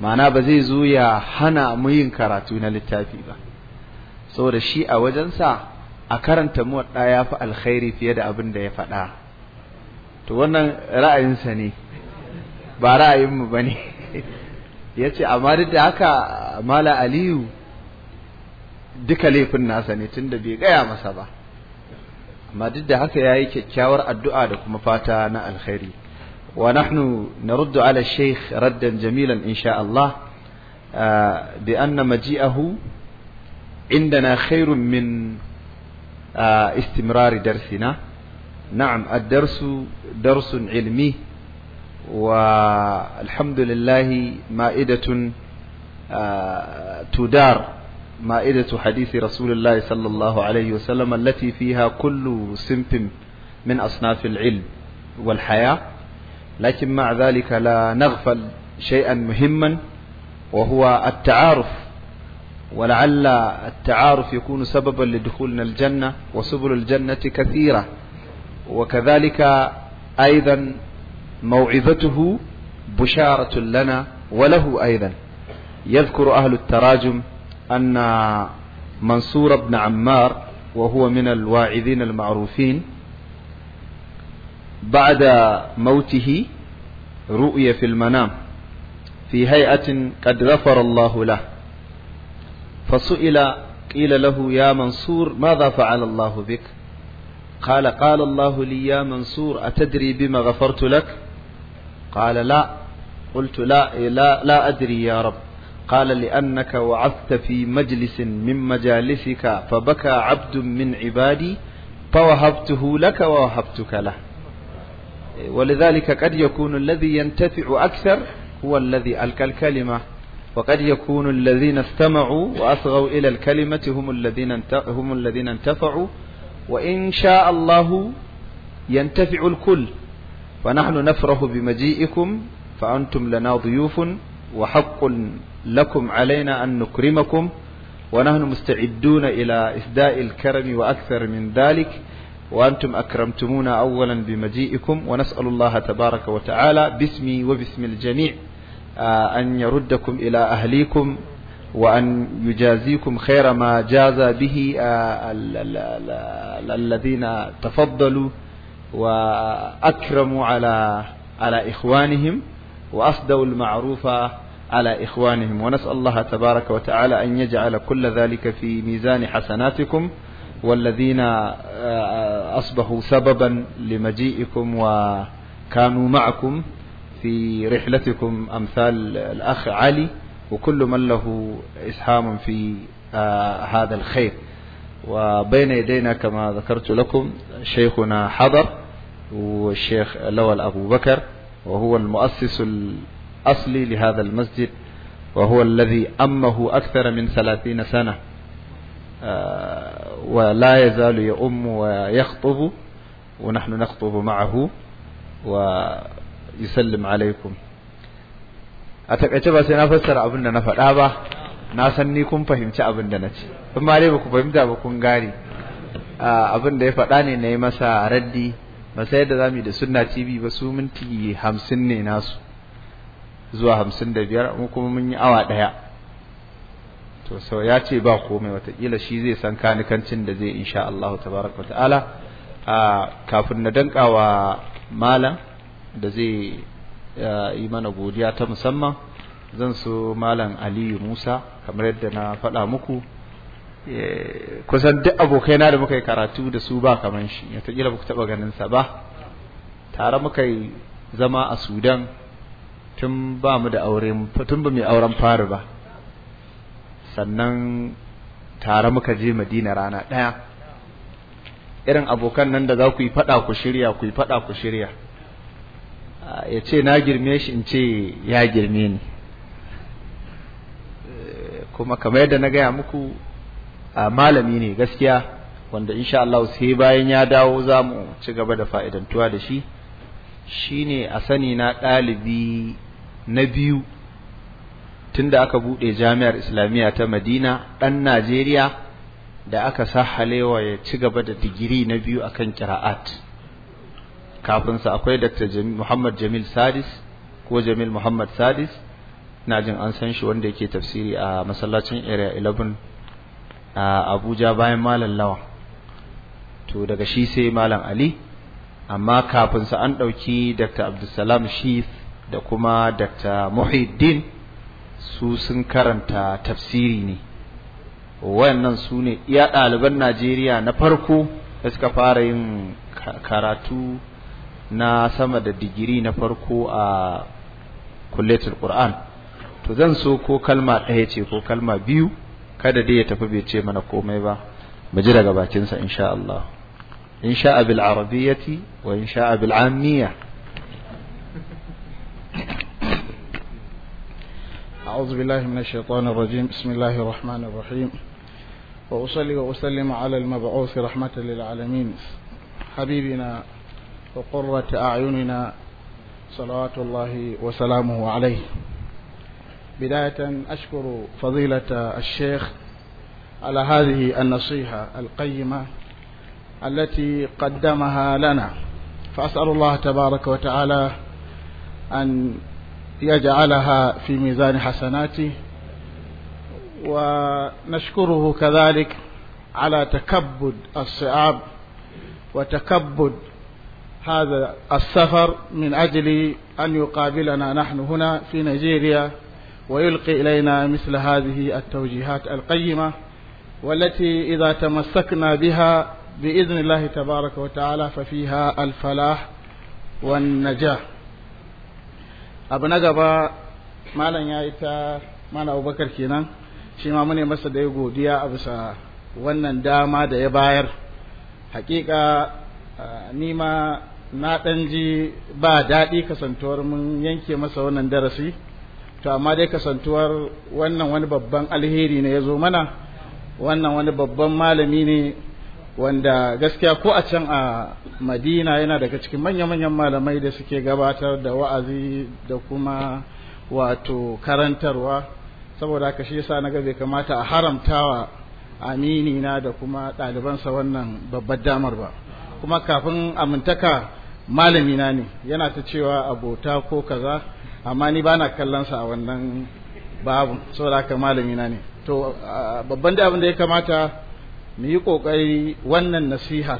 ma'ana ba zai zo ya hana mu yin karatu na littafi ba saboda shi a wajensa a karanta muwadda ya fi alkhairi fiye da abin da ya faɗa to wannan ra'ayinsa ne ba ra'ayinmu ba ne ya ce amma duk da haka mala aliyu duka laifin nasa ne tun da bai gaya masa ba amma duk da haka ya yi kyakkyawar addu'a da kuma fata na alkhairi wa nahnu naruddu ala sheikh raddan jamilan insha Allah eh, bi anna maji'ahu na خير min. آه، استمرار درسنا نعم الدرس درس علمي والحمد لله مائدة آه، تدار مائدة حديث رسول الله صلى الله عليه وسلم التي فيها كل سمت من أصناف العلم والحياة لكن مع ذلك لا نغفل شيئا مهما وهو التعارف ولعل التعارف يكون سببا لدخولنا الجنة وسبل الجنة كثيرة وكذلك أيضا موعظته بشارة لنا وله أيضا يذكر أهل التراجم أن منصور بن عمار وهو من الواعظين المعروفين بعد موته رؤي في المنام في هيئة قد غفر الله له فسئل قيل له يا منصور ماذا فعل الله بك قال قال الله لي يا منصور أتدري بما غفرت لك قال لا قلت لا, إيه، لا, لا أدري يا رب قال لأنك وعثت في مجلس من مجالسك فبكى عبد من عبادي فوهبته لك ووهبتك له إيه، ولذلك قد يكون الذي ينتفع أكثر هو الذي ألقى الكلمة وقد يكون الذين استمعوا وأصغوا إلى الكلمة هم الذين هم الذين انتفعوا وإن شاء الله ينتفع الكل فنحن نفرح بمجيئكم فأنتم لنا ضيوف وحق لكم علينا أن نكرمكم ونحن مستعدون إلى إسداء الكرم وأكثر من ذلك وأنتم أكرمتمونا أولا بمجيئكم ونسأل الله تبارك وتعالى باسمي وباسم الجميع آه، أن يردكم إلى أهليكم وأن يجازيكم خير ما جاز به آه، الذين تفضلوا وأكرموا على على إخوانهم وأفدوا المعروف على إخوانهم ونسأل الله تبارك وتعالى أن يجعل كل ذلك في ميزان حسناتكم والذين آه، أصبحوا سببا لمجيئكم وكانوا معكم في رحلتكم أمثال الأخ علي وكل من له إسهام في آه، هذا الخير وبين يدينا كما ذكرت لكم شيخنا حضر والشيخ لول أبو بكر وهو المؤسس الأصلي لهذا المسجد وهو الذي أمه أكثر من ثلاثين سنة آه، ولا يزال يؤم ويخطب ونحن نخطب معه و yusallim alaikum a takaice ba sai na fassara abin da na faɗa ba na san ni kun fahimci abin da na ce in ma dai ba ku fahimta ba kun gari abin da ya faɗa ne na yi masa raddi ba sai da zamu da sunna tv ba su minti hamsin ne nasu zuwa hamsin da biyar mu kuma mun yi awa ɗaya to sau ya ce ba komai watakila shi zai san kanikancin da zai insha Allah tabaraka wa ta'ala kafin na danka wa malam da zai yi mana godiya ta musamman zan so malam aliyu musa kamar yadda na faɗa muku kusan duk abokai na da muka yi karatu da su ba kamar shi ta ba ku taɓa ganinsa ba tare muka yi zama a sudan tun ba mu da aure tun ba mu auren fari ba sannan tare muka je madina rana ɗaya irin abokan nan da za ku yi faɗa ku shirya ku yi faɗa ku shirya ya ce na girme shi in ce ya girme ni kuma kamar yadda na gaya muku a malami ne gaskiya wanda insha Allah sai bayan ya dawo za mu ci gaba da fa'idantuwa da shi shi ne a sani na ɗalibi na biyu tunda aka buɗe jami'ar islamiyya ta madina ɗan najeriya da aka sahalewa ya ci gaba da digiri na biyu akan kira'at kafin sa akwai Dr. Muhammad Jamil Sadis ko Jamil Muhammad Sadis na jin an san shi wanda yake tafsiri a masallacin area 11 a Abuja bayan Malam Lawa to daga shi sai Malam Ali amma kafin sa an ɗauki Dr. Abdulsalam Shif da kuma Dr. Muhiddin su sun karanta tafsiri ne wayannan su ne iya ɗaliban Najeriya na farko da suka fara yin karatu na sama da digiri na farko a kulletul Qur'an to zan so ko kalma ɗaya ce ko kalma biyu kada dai ya tafi bai ce mana komai ba mu ji daga bakin sa insha Allah insha sha'a bil arabiyyati wa insha sha'a bil ammiya أعوذ بالله من الشيطان الرجيم بسم الله الرحمن الرحيم وأصلي وأسلم على المبعوث رحمة للعالمين حبيبنا وقرة أعيننا صلوات الله وسلامه عليه بداية أشكر فضيلة الشيخ على هذه النصيحة القيمة التي قدمها لنا فأسأل الله تبارك وتعالى أن يجعلها في ميزان حسناته ونشكره كذلك على تكبد الصعاب وتكبد هذا السفر من أجل أن يقابلنا نحن هنا في نيجيريا ويلقي إلينا مثل هذه التوجيهات القيمة والتي إذا تمسكنا بها بإذن الله تبارك وتعالى ففيها الفلاح والنجاة أبنى na ما لن ya ما ta بكر كنا شما مني ma mune masa أبسا ya godiya a bisa wannan Ah, ni ma na ɗan ji ba daɗi kasantuwar mun yanke masa wannan darasi to amma dai kasantuwar wannan wani babban alheri ne ya zo mana wannan wani babban malami ne wanda gaskiya ko a can a madina yana daga cikin manya-manyan malamai da suke gabatar da wa'azi da kuma wato karantarwa saboda haka shi yasa na bai kamata a haramtawa aminina da kuma ɗalibansa wannan babbar damar ba kuma kafin amintaka malami na ne yana ta cewa abota ko kaza amma ni bana kallonsa a wannan babu saboda haka malami na ne to babban da abin da ya kamata mu yi kokari wannan nasiha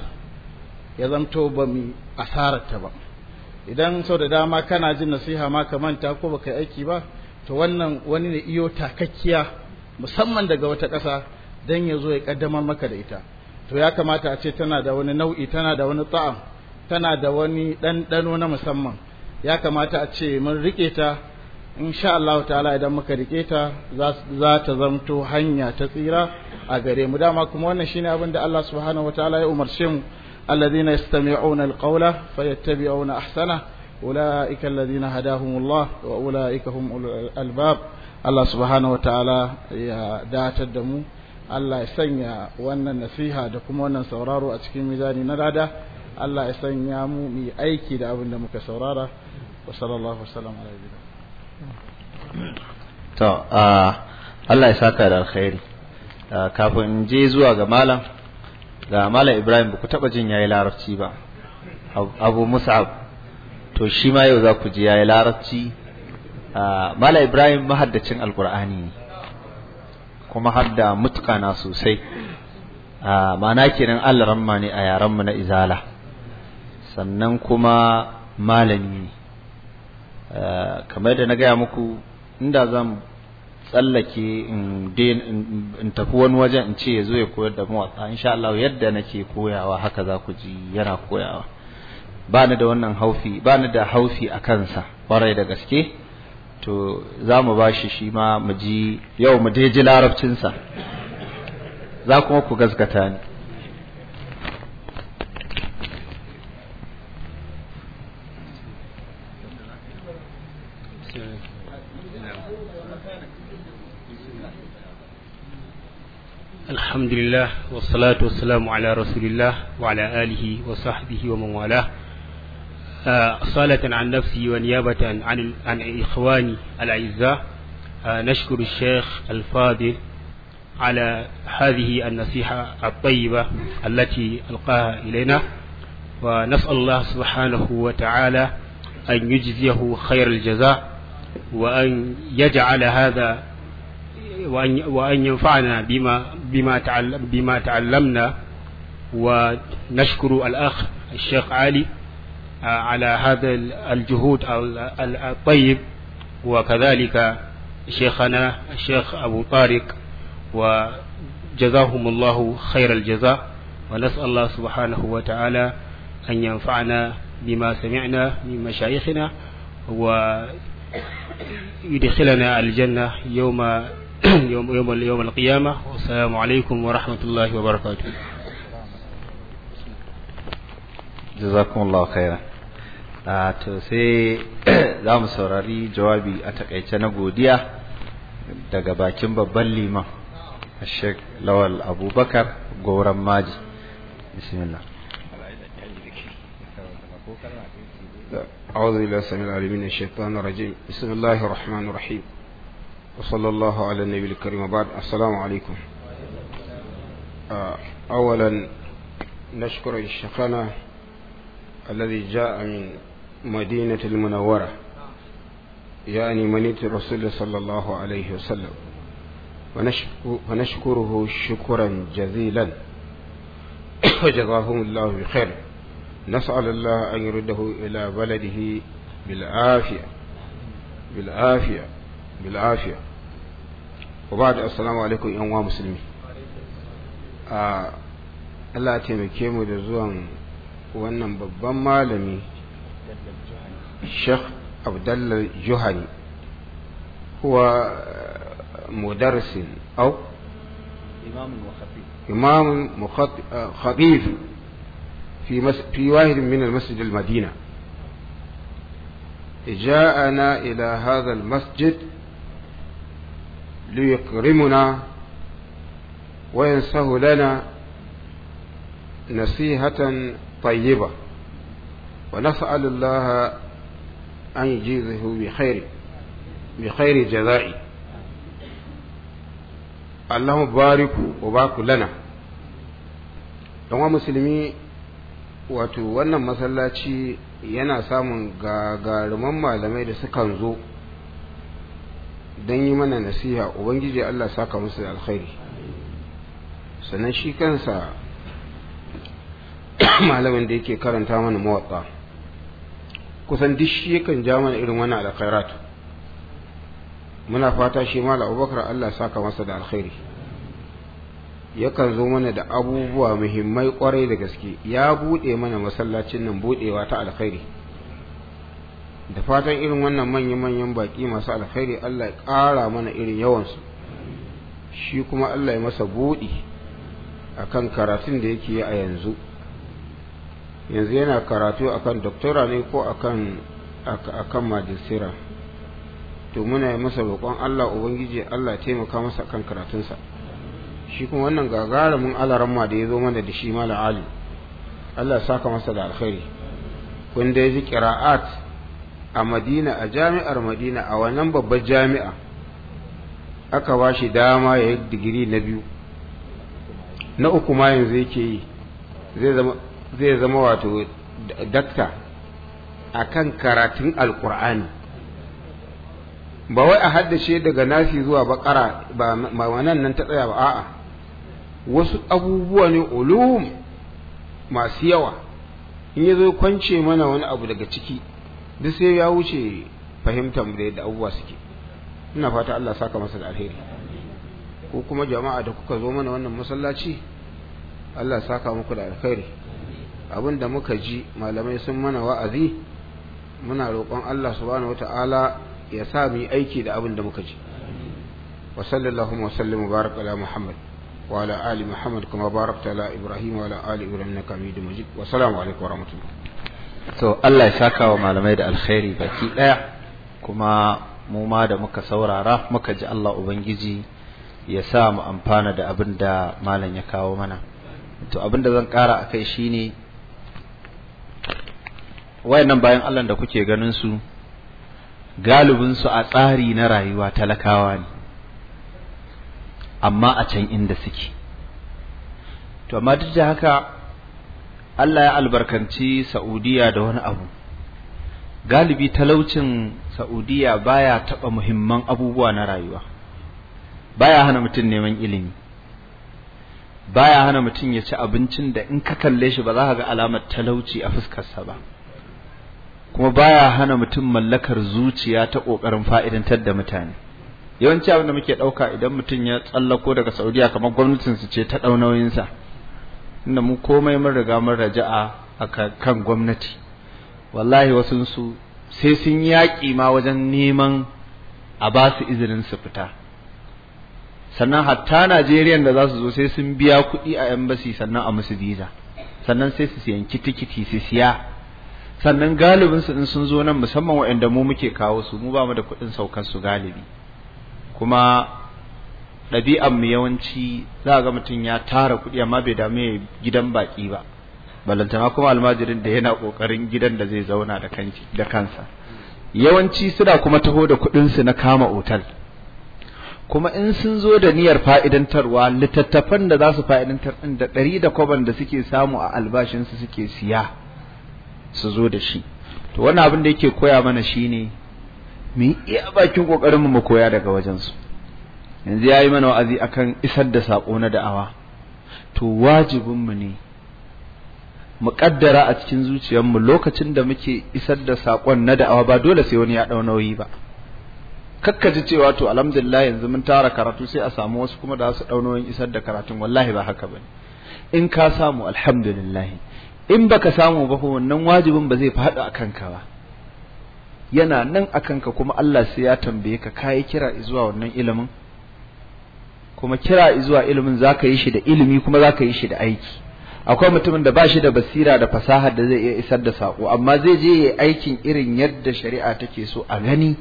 ya zamto ba mu asarar ta ba idan sau da dama kana jin nasiha ma ka manta ko baka aiki ba to wannan wani ne iyo takakkiya musamman daga wata ƙasa don ya zo ya kaddamar maka da ita to ya kamata a ce tana da wani nau'i tana da wani ta'am tana da wani ɗanɗano na musamman ya kamata a ce mun riƙe ta insha Allah ta'ala idan muka riƙe ta za ta zamto hanya ta tsira a gare mu dama kuma wannan shine abin da Allah subhanahu wa ya umarce mu alladhina yastami'una alqawla fayattabi'una ahsana ulaika alladhina hadahumullah wa ulaika hum ulul albab Allah subhanahu wa ya datar da mu Allah ya sanya wannan nasiha da kuma wannan sauraro a cikin mizani na dada Allah ya sanya mu mu aiki da abin da muka saurara wa sallallahu wasallam ala to Allah ya saka da alkhairi kafin je zuwa ga malam ga malam Ibrahim ku taba jin yayi larabci ba Abu Mus'ab to shi ma yau za ku ji yayi larabci malam Ibrahim mahaddacin alqur'ani ne kuma har da na sosai mana kenan alaramma ne a yarenmu na izala sannan kuma malami ne kamar da na gaya muku inda zan tsallake in tafi wani wajen in ce ya zo ya koyar da mawaƙa insha Allah yadda nake koyawa haka za ku ji yana koyawa ba ni da wannan haufi ba ni da haufi a kansa ƙwarai da gaske to za mu ba shi shi ma mu ji yau mu dai ji sa za kuma ku gaskata ni الحمد لله والصلاة والسلام على رسول الله وعلى آله وصحبه ومن والاه آه، صالة عن نفسي ونيابة عن عن إخواني الأعزاء آه، نشكر الشيخ الفاضل على هذه النصيحة الطيبة التي ألقاها إلينا ونسأل الله سبحانه وتعالى أن يجزيه خير الجزاء وأن يجعل هذا وأن وأن ينفعنا بما بما بما تعلمنا ونشكر الأخ الشيخ علي آه، على هذا الجهود الطيب وكذلك شيخنا الشيخ أبو طارق وجزاهم الله خير الجزاء ونسأل الله سبحانه وتعالى أن ينفعنا بما سمعنا من مشايخنا ويدخلنا الجنة يوم يوم يوم, يوم القيامة والسلام عليكم ورحمة الله وبركاته jazakumullahu khairan ah, to sai za mu saurari jawabi a takaice na godiya daga bakin babban liman Sheikh Lawal Abubakar Goran Maji bismillah أعوذ بالله السميع العليم من الشيطان الرجيم بسم الله الرحمن الرحيم وصلى الله على النبي الكريم السلام عليكم أولا نشكر الذي جاء من مدينة المنورة يعني منيت الرسول صلى الله عليه وسلم ونشكره شكرا جزيلا وجزاهم الله بخير نسأل الله أن يرده إلى بلده بالعافية بالعافية بالعافية وبعد السلام عليكم يا مسلمين آه الله تيمكيمو دزوان wannan babban malami Sheikh Abdullah Juhani huwa eh, mudarsin au imam خبير في مس... في واحد من المسجد المدينة جاءنا إلى هذا المسجد ليكرمنا وينسه لنا نصيحة طيبة ونسأل الله أن يجيزه بخير بخير جزائي اللهم بارك وبارك لنا don musulmi wato wannan masallaci yana samun gagaruman malamai da sukan zo don yi mana nasiha ubangiji Allah saka musu alkhairi sannan shi kansa malamin da yake karanta mana muwatta kusan duk shi yakan ja mana irin wannan alkhairat muna fata shi mala abubakar Allah saka masa da alkhairi yakan zo mana da abubuwa muhimmai kwarai da gaske ya buɗe mana masallacin nan buɗewa ta alkhairi da fatan irin wannan manya-manyan baƙi masu alkhairi Allah ya ƙara mana irin yawansu shi kuma Allah ya masa buɗi akan karatun da yake yi a yanzu yanzu yana karatu akan doktora ne ko akan kan majistira to muna yi masa roƙon Allah ubangiji Allah taimaka masa kan karatunsa shi kuma wannan gagarumin alaramma da ya zo mana da shi mala ali Allah saka masa da alkhairi kun da ji kira'at a Madina a jami'ar Madina a wannan babbar jami'a aka ba shi dama ya yi digiri na biyu na uku ma yanzu yake yi zai zama zai zama wato dakta kan karatun alkur'ani ba wai a haddace daga nafi zuwa bakara ba wannan nan ta tsaya ba a'a wasu abubuwa ne ulum masu yawa in ya zo kwance mana wani abu daga ciki duk sai ya wuce fahimtar da yadda abubuwa suke ina fata Allah saka masa da alheri ko kuma jama'a da kuka zo mana wannan masallaci Allah saka muku da alheri abin da muka ji malamai sun mana wa'azi muna roƙon Allah subhanahu wata'ala ya sa mu aiki da abin da muka ji wa sallallahu wa sallam mubarak ala muhammad wa ala ali muhammad kuma barakta ala ibrahim wa ala ali ibrahim innaka hamidum majid wa salamu alaikum wa rahmatullah to Allah ya saka wa malamai da alkhairi baki daya kuma mu ma da muka saurara muka ji Allah ubangiji ya sa mu amfana da abin da malam ya kawo mana to abin da zan kara akai shine wayannan bayan Allah da kuke ganin su galibin su a tsari na rayuwa talakawa ne amma a can inda suke to amma duk da haka Allah ya albarkanci Saudiya da wani abu galibi talaucin Saudiya baya taba muhimman abubuwa na rayuwa baya hana mutum neman ilimi baya hana mutum ya ci abincin da in ka kalle shi ba za ka ga alamar talauci a fuskarsa ba kuma baya hana mutum mallakar zuciya ta kokarin fa'idantar da mutane yawanci abin da muke ɗauka idan mutum ya tsallako daga Saudiya kamar gwamnatin su ce ta daunoyin inda mu komai mun riga mun raja'a akan kan gwamnati wallahi wasun su sai sun yaƙi ma wajen neman a ba su izinin su fita sannan hatta Najeriya da za su zo sai sun biya kuɗi a embassy sannan a musu visa sannan sai su yanki tikiti su siya sannan galibin su in sun zo nan musamman wa'anda mu muke kawo su mu ba mu da kuɗin saukar su galibi kuma ɗabi'an mu yawanci za ga mutum ya tara kuɗi amma bai dame gidan baki ba balantana kuma almajirin da yana ƙoƙarin gidan da zai zauna da kansa yawanci suna kuma taho da su na kama otal kuma in sun zo da niyyar fa'idantarwa littattafan da za su fa'idantar ɗin da ɗari da kwaban da suke samu a albashinsu suke siya su zo da shi to wannan abin da yake koya mana shine mu iya bakin kokarin mu koya daga wajen su yanzu yayi mana wa'azi akan isar da sako na da'awa to wajibin ne mu kaddara a cikin zuciyarmu lokacin da muke isar da sakon na da'awa ba dole sai wani ya dau nauyi ba kakka ji cewa to alhamdulillah yanzu mun tara karatu sai a samu wasu kuma da su dau nauyin isar da karatun wallahi ba haka bane in ka samu alhamdulillah in baka samu ba wannan wajibin ba zai faɗo a kanka ba yana nan a kanka kuma Allah sai ya tambaye ka kai kira zuwa wannan ilimin kuma kira zuwa ilimin zaka yi shi da ilimi kuma zaka yi shi da aiki akwai mutumin da bashi da basira da fasaha da zai iya isar da sako amma zai je ya aikin irin yadda shari'a take so a gani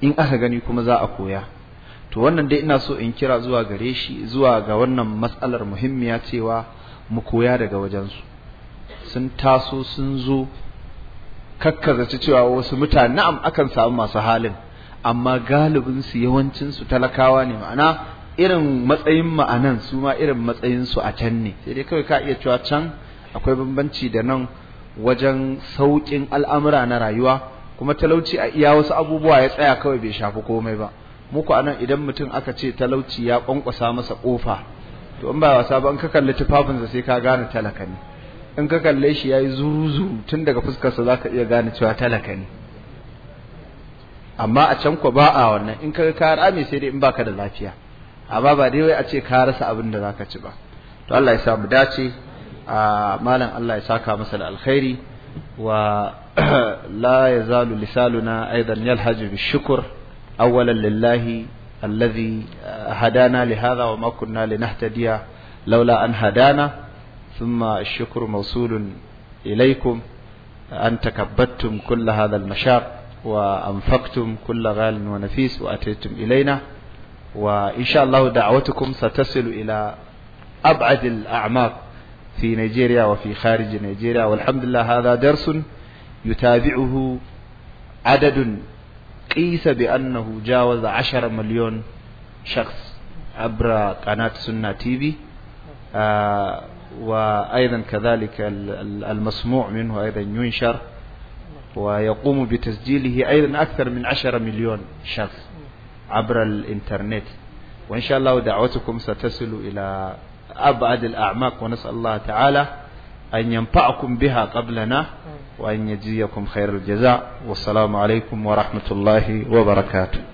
in aka gani kuma za a koya to wannan dai ina so in kira zuwa gare shi zuwa ga wannan matsalar muhimmiya cewa mu koya daga wajensu sun taso sun zo kakkazaci cewa wasu mutane na'am akan samu masu halin amma galibin su yawancin su talakawa ne ma'ana irin matsayin ma'anan su ma irin matsayin su a can ne sai dai kawai ka iya cewa can akwai bambanci da nan wajen sauƙin al'amura na rayuwa kuma talauci a iya wasu abubuwa ya tsaya kawai bai shafi komai ba muku a nan idan mutum aka ce talauci ya ƙwanƙwasa masa ƙofa to in ba wasa ba in ka kalli tufafinsa sai ka gane talaka ne in ka kalle shi yayi zuzu tun daga fuskarsa zaka iya gane cewa talaka ne amma a can ko ba a wannan in ka ka rame sai dai in baka da lafiya amma ba dai wai a ce ka rasa abin da zaka ci ba to Allah ya sa mu dace a malam Allah ya saka masa da alkhairi wa la yazalu lisaluna aidan yalhaju bishukr awwalan lillahi alladhi eh, hadana li hadha wa ma kunna linahtadiya laula an hadana ثم الشكر موصول إليكم أن تكبدتم كل هذا المشاق وأنفقتم كل غال ونفيس وأتيتم إلينا وإن شاء الله دعوتكم ستصل إلى أبعد الأعماق في نيجيريا وفي خارج نيجيريا والحمد لله هذا درس يتابعه عدد قيس بأنه جاوز عشر مليون شخص عبر قناة سنة تيفي آه وأيضا كذلك المسموع منه أيضا ينشر ويقوم بتسجيله أيضا أكثر من عشرة مليون شخص عبر الإنترنت وإن شاء الله دعوتكم ستصل إلى أبعد الأعماق ونسأل الله تعالى أن ينفعكم بها قبلنا وأن يجزيكم خير الجزاء والسلام عليكم ورحمة الله وبركاته